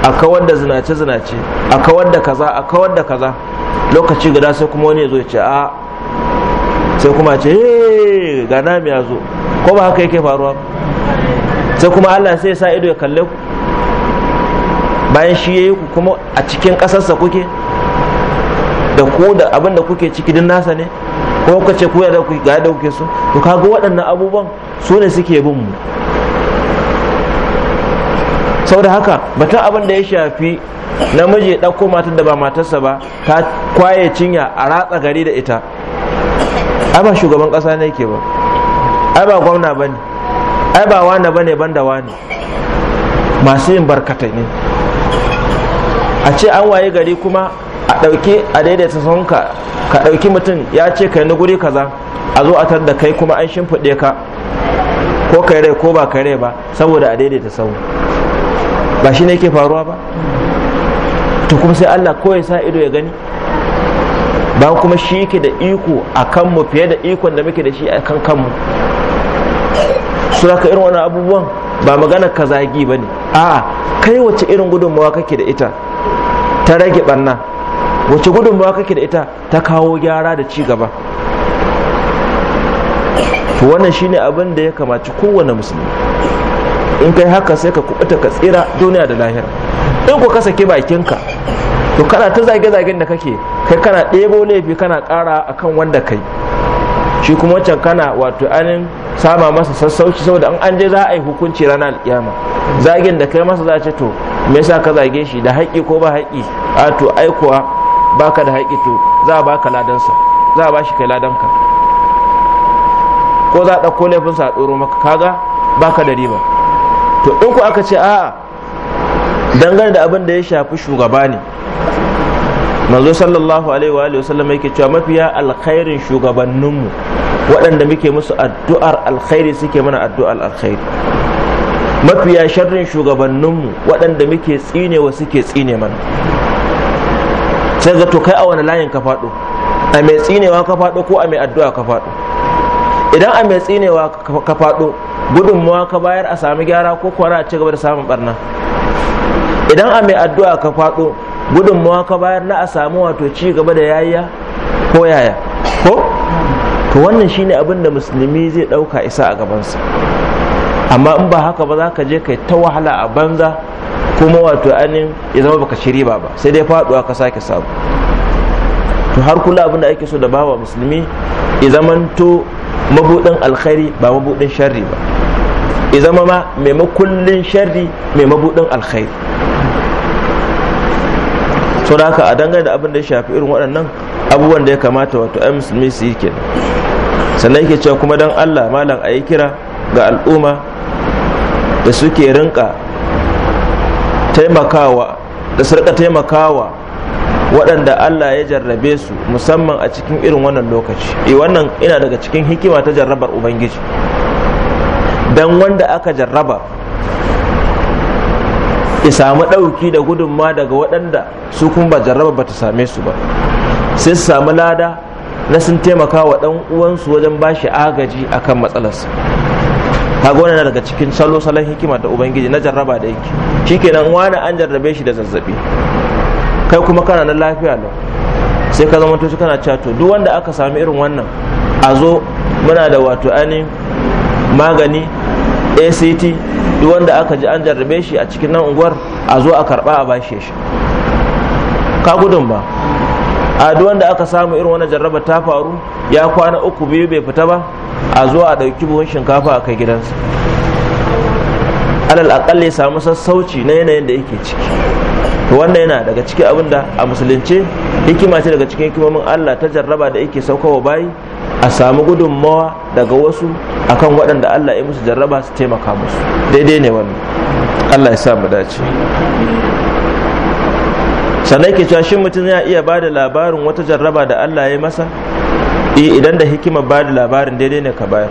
a kawar da zinace-zinace a kawar da kaza a kawar da kaza lokaci guda sai kuma wani ya zo ce a sai kuma ce ga nami ya zo ko ba haka yake faruwa sai kuma allah sai ya sa ido ya kalle ku bayan shi ya yi ku kuma a cikin ƙasarsa kuke da ku da abin da kuke ciki din nasa ne ko kuka ce ku da kuke ga da kuke so to kaga waɗannan abubuwan su ne suke bin mu saboda haka batun abin da ya shafi namiji ya ɗauko matar da ba matarsa ba ta kwaye cinya a ratsa gari da ita ai ba shugaban ƙasa ne ke ba ai ba gwamna ba ne ai ba wane ba ne banda wane masu yin barkatai ne a ce an waye gari kuma a ɗauki a daidaita sonka ka ɗauki mutum ya ce kai na guri kaza a zo a tar da kai kuma an shimfiɗe ka ko kare rai ko ba kare rai ba saboda a daidaita sauri ba shi ne yake faruwa ba to kuma sai Allah ko ya sa ido ya gani ba kuma shi yake da iko a kanmu fiye da ikon da muke da shi a kan kanmu su ka irin wani abubuwan ba magana ka zagi ba ne a kai wace irin gudunmawa kake da ita ta rage barna wace gudunmawa kake da ita ta kawo gyara da ci gaba wannan shine abin da ya kamaci kowane musulmi in kai haka sai ka kubuta ka tsira duniya da lahira in ku ka sake bakinka to kana ta zage-zagen da kake kai kana ɗebo laifi kana ƙara akan wanda kai shi kuma wancan kana wato anin sama masa sassauci saboda an an je za a yi hukunci ranar alkiyama zagin da kai masa za a ce to me yasa ka zage shi da haƙƙi ko ba haƙƙi a to ai kuwa baka da haƙƙi to za a baka ladansa za a shi kai ladanka ko za a ɗauko laifinsa a tsoro maka kaga baka da riba to in ku aka ce a'a dangane da abin da ya shafi shugaba ne manzo sallallahu alaihi wa sallam yake cewa mafiya alkhairin shugabanninmu waɗanda muke musu addu'ar alkhairi suke mana addu'ar alkhairi mafiya sharrin shugabanninmu waɗanda muke tsinewa suke tsine mana sai ga to kai a wani layin ka faɗo a mai tsinewa ka faɗo ko a mai addu'a ka faɗo idan a mai tsinewa ka faɗo gudunmawa ka bayar a sami gyara ko kwara a cigaba da samun barna idan a mai addu'a ka faɗo gudunmawa ka bayar na a samu wato ci gaba da yayya ko yaya ko to wannan shine abin da musulmi zai ɗauka isa a gabansa amma in ba haka ba za ka je kai ta wahala a banza kuma wato anin ya zama baka shiri ba ba sai dai faduwa ka sake samu to har kula abin da ake so da bawa musulmi ya zamanto mabudin alkhairi ba mabudin sharri ba i zama ma mai makullin sharri mai mabudin alkhairi to da haka a dangane da abin da ya shafi irin waɗannan abubuwan da ya kamata wato ai musulmi su yi kenan sannan yake cewa kuma dan Allah malam a yi kira ga al'umma da suke rinka taimakawa da su taimakawa waɗanda Allah ya jarrabe su musamman a cikin irin wannan lokaci e wannan ina daga cikin hikima ta jarrabar ubangiji dan wanda aka jarraba ya samu ɗauki da gudunma daga waɗanda su kuma ba jarraba ba ta same su ba sai su samu lada na sun taimaka wa ɗan uwansu wajen ba shi agaji akan matsalarsa kaga wannan daga cikin salo salon hikima da ubangiji na jarraba da yake shikenan wani an jarrabe shi da zazzabi kai kuma kana na lafiya lau sai ka zama toshi kana cato duk wanda aka sami irin wannan a zo muna da wato ani magani act duk wanda aka ji an jarrabe shi a cikin nan unguwar a zo a karba a bashe shi ka gudun ba a duk wanda aka samu irin wannan jarraba ta faru ya kwana uku biyu bai fita ba a zo a ɗauki buhun shinkafa a kai gidansa alal aƙalla ya samu sassauci na yanayin da yake ciki to wannan yana daga cikin abin da a musulunce hikima ce daga cikin hikimomin Allah ta jarraba da yake saukowa bayi a samu gudunmawa daga wasu akan waɗanda Allah ya musu jarraba su taimaka musu daidai ne wannan Allah ya sa mu dace sannan ke cewa shin mutum ya iya ba da labarin wata jarraba da Allah ya masa eh, idan da hikima ba da labarin daidai ne ka bayar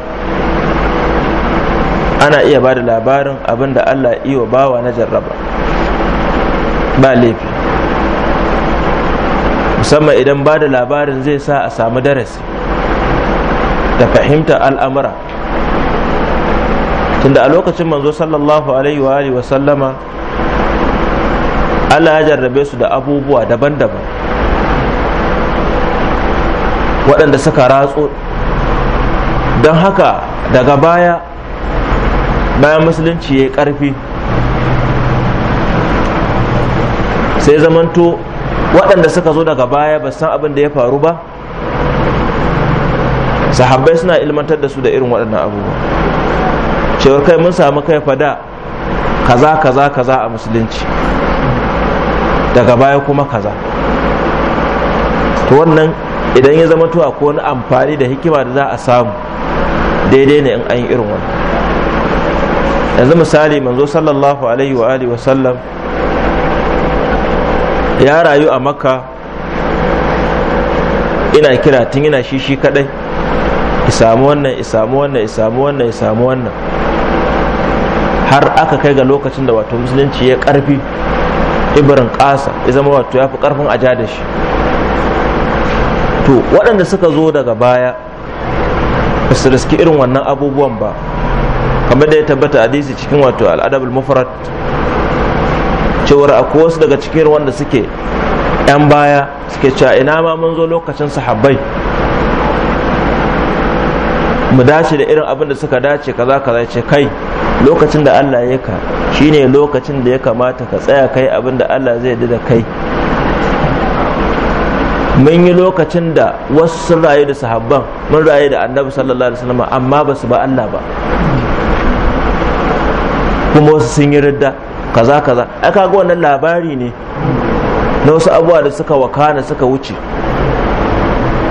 ana iya ba da labarin abin da allah iya bawa na jarraba ba laifi musamman idan ba da labarin zai sa a samu darasi da fahimtar al'amura tunda a lokacin manzo sallallahu alaihi wa sallama allah ya jarrabe su da abubuwa daban-daban waɗanda suka ratso don haka daga baya bayan musulunci ya karfi sai zamanto waɗanda suka zo daga baya ba san abin da ya faru ba sahabbai suna ilmantar da su da irin waɗannan abubuwa cewar kai mun samu kai fada kaza kaza kaza a musulunci daga baya kuma kaza wannan idan ya zama tuwa ko wani amfani da hikima da za a samu daidai ne in an yi irin wannan yanzu misali manzo sallallahu alaihi wa alihi wasallam ya rayu a makka ina kira tun ina shi shi kadai isamu wannan isamu wannan isamu wannan isamu wannan har aka kai ga lokacin da wato musulunci ya karfi ibirin ƙasa ya zama wato ya fi ƙarfin aja da shi to waɗanda suka zo daga baya ba su riski irin wannan abubuwan ba kamar da ya tabbata hadisi cikin wato al'adab al-mufrad cewar akwai wasu daga cikin wanda suke yan baya suke cewa ina ma mun zo lokacin sahabbai mu dace da irin abin da suka dace kaza kaza ce kai lokacin da Allah ya ka shine lokacin da ya kamata ka tsaya kai abin da Allah zai da kai mun yi lokacin da wasu sun rayu da sahabban mun rayu da annabi sallallahu alaihi wasallam amma ba su ba Allah ba kuma wasu sun yi ridda kaza kaza ai kaga wannan labari ne na wasu abuwa da suka wakana suka wuce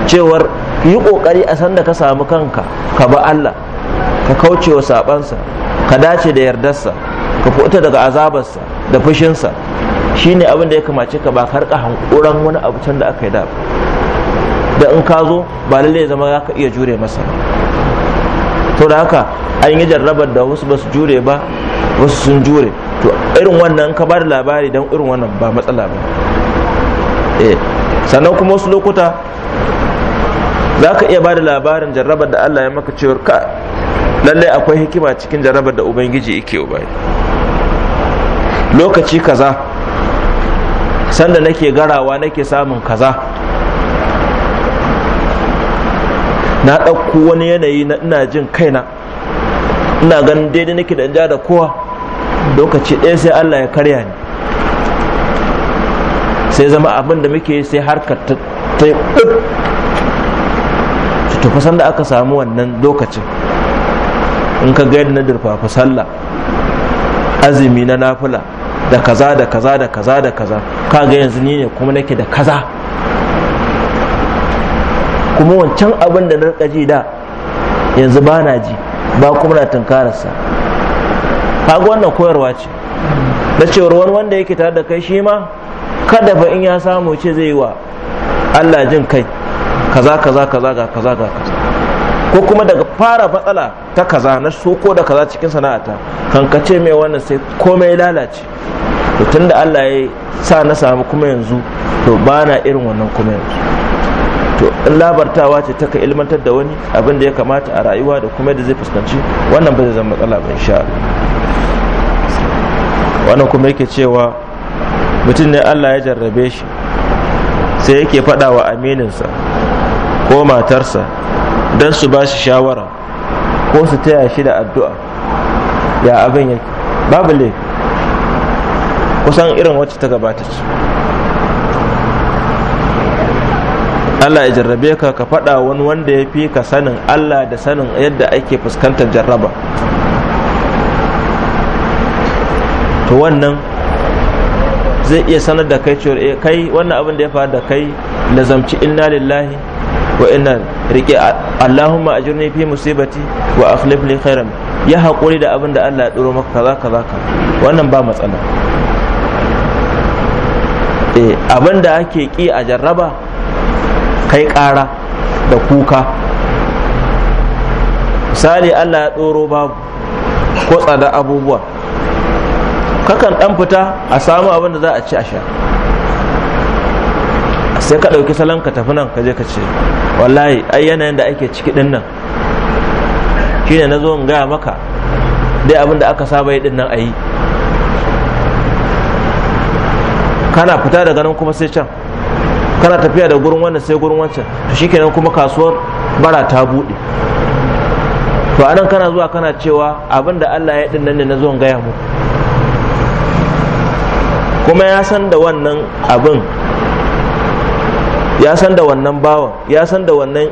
cewar yi kokari a sanda ka samu kanka ka ba Allah ka kauce wa sabansa ka dace da yardarsa ka futa daga azabarsa da fushinsa shine abin da ya kamace ka ba karka hankuran wani abu can da aka yi da da in ka zo ba lallai zama za ka iya jure masa to da haka an yi jarrabar da wasu ba su jure ba wasu sun jure to irin wannan ka ba da labari don irin wannan ba matsala ba eh, sannan kuma wasu lokuta za ka iya ba da labarin jarrabar da allah ya maka cewar ka lallai akwai hikima cikin jarrabar da ubangiji yake ubayi lokaci kaza sanda nake garawa nake samun kaza na ɗauko wani yanayi na ina jin kaina ina ganin daidai nake da ja da kowa lokaci ɗaya sai Allah ya karya ni sai zama abin da muke sai harkar ta ta kusan da aka samu wannan lokacin in ka ga yadda na durfafa sallah azumi na nafula da kaza da kaza da kaza da kaza ka ga yanzu ni ne kuma nake da kaza kuma wancan abin da na ji da yanzu ba na ji ba kuma na tunkararsa kaga wannan koyarwa ce da cewar wani wanda yake tare da kai shi ma kada ba in ya samu ce zai yi wa Allah jin kai kaza kaza kaza ga kaza ga kaza ko kuma daga fara matsala ta kaza na soko da kaza cikin sana'ata kankace mai wannan sai komai lalace to tunda Allah ya sa na samu kuma yanzu to bana irin wannan kuma yanzu to in labartawa ce ta ka ilmantar da wani abin da ya kamata a rayuwa da kuma da zai fuskanci wannan ba zai zama matsala ba insha wannan kuma yake cewa mutum ne Allah ya jarrabe shi sai yake faɗa wa amininsa ko matarsa don su ba shi shawara ko su taya shi da addu'a ya abin yake babu laifi kusan irin wacce ta gabata ce Allah ya jarrabe ka ka faɗa wani wanda ya fi ka sanin Allah da sanin yadda ake fuskantar jarraba to wannan zai iya sanar da kai cewa eh, kai wannan abin da ya faru da kai lazamci inna lillahi wa inna rike Allahumma ajurni fi musibati wa akhlif li khairan ya haƙuri da abin da Allah ya duro maka kaza kaza ka wannan ba matsala eh abin da ake ki a jarraba kai kara da kuka misali allah ya tsoro babu ko tsada abubuwa kakan ɗan fita a samu abin da za a ci a sha sai ka ɗauki salon ka tafi nan ka je ka ce wallahi ai yanayin da ake ciki ɗin nan shine na zo in gaya maka dai abin da aka saba yi ɗin nan a yi kana fita daga nan kuma sai can kana tafiya da gurin wannan sai gurin wancan to shikenan kuma kasuwar bara ta buɗe to anan kana zuwa kana cewa abinda Allah ya din nan ne na zo gaya mu kuma ya san da wannan abin ya san da wannan bawan ya san da wannan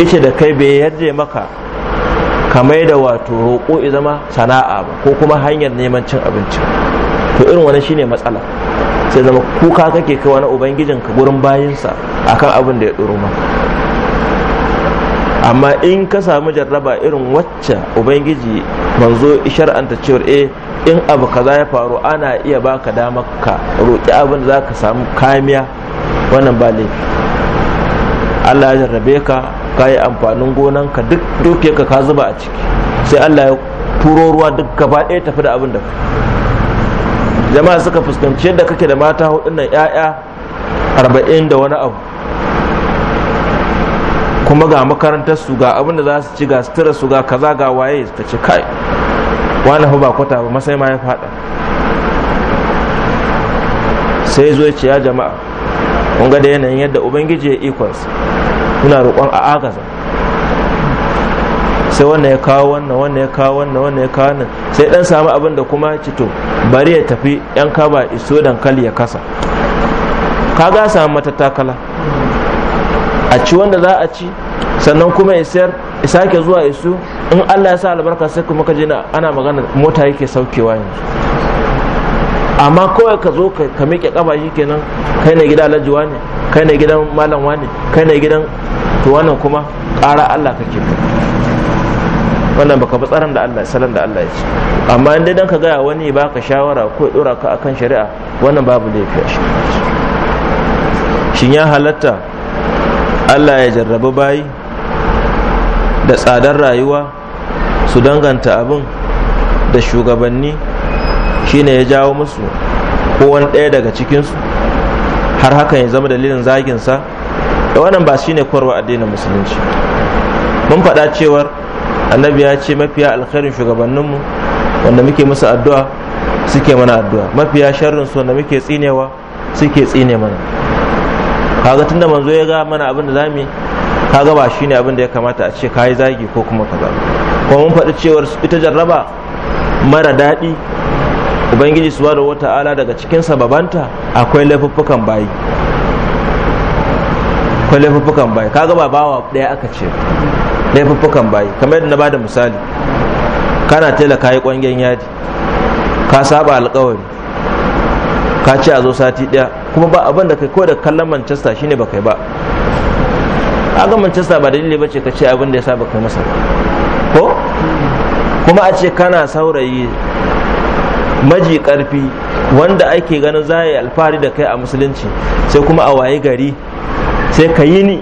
ice da kai bai yarje maka kamar da wato roƙo zama sana'a ba ko kuma hanyar neman cin abinci to irin wani shine matsala sai zama kuka kake kawai na ubangijin ka gurin bayinsa akan abin da ya ɗoro maka amma in ka samu jarraba irin wacce ubangiji manzo shar'anta cewar eh in abu kaza ya faru ana iya baka damar ka roƙi abin da za ka samu kamiya wannan ba laifi allah ya jarrabe ka ka yi amfanin gonan ka duk dukiyarka ka zuba a ciki sai allah ya turo ruwa duk gaba ɗaya tafi da abin da ka jama'a suka fuskanci yadda kake da mata hudun nan ya'ya arba'in da wani abu kuma ga makarantar su ga abin da za su ci ga sutura su ga kaza ga waye ta ce kai wani ba kwata ba masai ma ya fada sai zo ce ya jama'a kun ga da yanayin yadda ubangiji ya ikonsa kuna roƙon a agaza sai wannan ya kawo wannan wannan ya kawo wannan wannan ya kawo wannan sai dan samu abin da kuma to. bari ya tafi yan kaba iso dankali ya kasa ka ga samu matattakala a ci wanda za a ci sannan kuma isar isake zuwa iso in allah ya sa albarka sai kuma ka je ana magana mota yake saukewa yanzu amma kawai ka zo ka miƙe ƙafa shi kenan kai ne gida alhaji ne kai ne gidan malam ne kai ne gidan to wannan kuma ƙara allah kake wannan baka bi tsaron da Allah salon da Allah ya ce amma dan ka gaya wani baka shawara ko ya dora ka akan shari'a wannan babu laifi shi shin ya halatta Allah ya jarrabi bayi da tsadar rayuwa su danganta abin da shugabanni shine ya jawo musu ko wani ɗaya daga cikinsu har haka ya zama dalilin zaginsa da wannan ba shine korwa addinin musulunci mun faɗa cewar annabi ya ce mafiya alkhairin shugabanninmu wanda muke musu addu'a suke mana addu'a mafiya sharrin su wanda muke tsinewa suke tsine mana kaga tunda manzo ya ga mana abin da zamu kaga ba shine abin da ya kamata a ce kai zagi ko kuma kaza kuma mun faɗi cewar ita jarraba mara daɗi ubangiji subhanahu wata'ala daga cikin sababanta akwai laifuffukan bayi akwai laifuffukan bayi kaga ba bawa ɗaya aka ce laifuffukan bayi kamar yadda na bada misali kana tela kayi kwangen yadi ka saba alkawari ka ce a zo sati daya kuma ba abin da kai ko da kallon manchester shine ba kai ba a ga manchester ba dalili ba ce ka ce abin da ya saba kai masa ko kuma a ce kana saurayi maji karfi wanda ake ganin za yi alfahari da kai a musulunci sai kuma a waye gari sai ka yi ni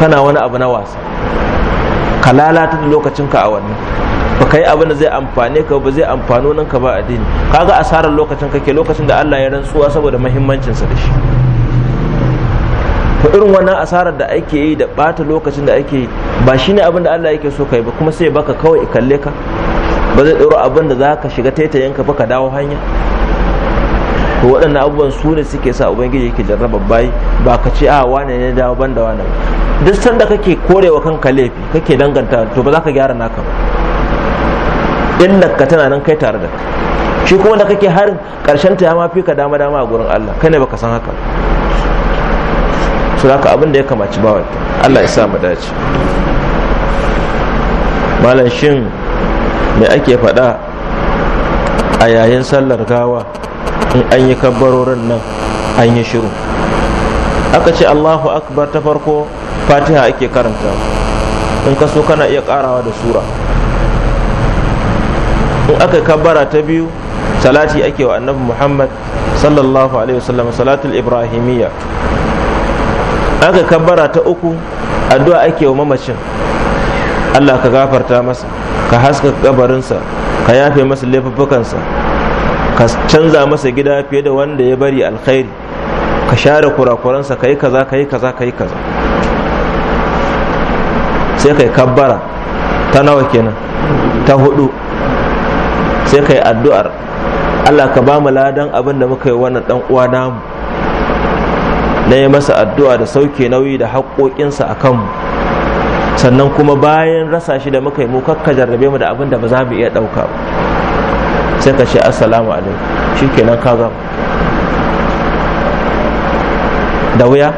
kana wani abu na wasa ka lalata da lokacin ka a wannan ba kai abin da zai amfane ka ba zai amfano nan ka ba addini kaga asarar lokacin kake lokacin da Allah ya rantsuwa saboda muhimmancin sa da shi ko irin wannan asarar da ake yi da bata lokacin da ake yi ba shine abin da Allah yake so kai ba kuma sai baka kawai kalle ka ba zai dauro abin da za ka shiga taitayen ka ka dawo hanya to waɗannan abubuwan su ne suke sa ubangiji yake jarraba bai ba ka ce a wane ne dawo ban wane duk sanda kake korewa kanka laifi kake danganta to ba za ka gyara naka ba inda ka tana nan kai tare da ka shi kuma da kake har karshen ta ya fi ka dama dama a gurin Allah kai ne baka san haka su haka abin da ya kamaci ba wata Allah ya sa mu dace malam shin me ake faɗa a yayin sallar gawa in an yi kabbarorin nan an yi shiru aka ce Allahu akbar ta farko fatiha ake karanta in ka so kana iya karawa da sura in aka kabbara ta biyu salati ake wa annabi muhammad sallallahu alaihi wasallam salatul ibrahimiyya aka kabbara ta uku addu'a ake wa mamacin allah ka gafarta masa ka haska kabarinsa ka yafe masa laifuffukansa ka canza masa gida fiye da wanda ya bari alkhairi ka share kurakuransa ka yi kaza ka yi kaza ka yi kaza sai kai kabbara ta nawa kenan ta hudu sai kai addu'ar Allah ka ba mu ladan abin da muka yi wannan dan uwa namu na yi masa addu'a da sauke nauyi da haƙoƙinsa a kanmu sannan kuma bayan rasa shi da muka yi mu kakka jarrabe mu da abin da ba za mu iya ɗauka sai ka ce assalamu alaikum shi kenan ka gama da wuya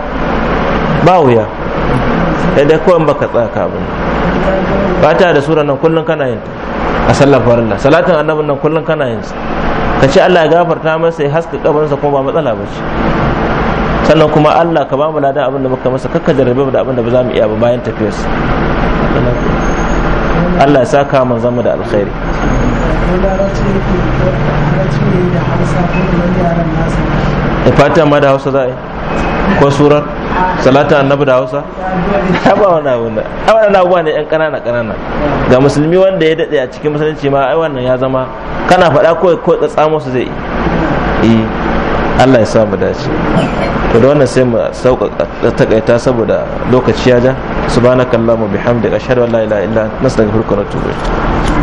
ba wuya sai dai kawai baka tsaka ka ba ta da sura nan kullum kana yin a sallar farilla salatin annabin nan kullum kana yin ka ce Allah ya gafarta masa ya haska kabarinsa kuma ba matsala ba ce sannan kuma Allah ka ba mu ladan abin da muka masa kakka jarrabe mu da abin da ba za mu iya ba bayan tafiyarsa Allah ya saka man zama da alkhairi da fata ma da hausa za a yi ko surar Salatu annabi da hausa ba wani abubuwa ne yan ƙanana kanana ga musulmi wanda ya daɗe a cikin musulunci ma ai wannan ya zama kana faɗa ko ko tsatsamo su zai yi eh, Allah ya samu dace to da wannan sai mu sauƙaƙa takaita saboda lokaci ya ja subhanakallahumma bihamdika ashhadu an la ilaha illa anta astaghfiruka wa atubu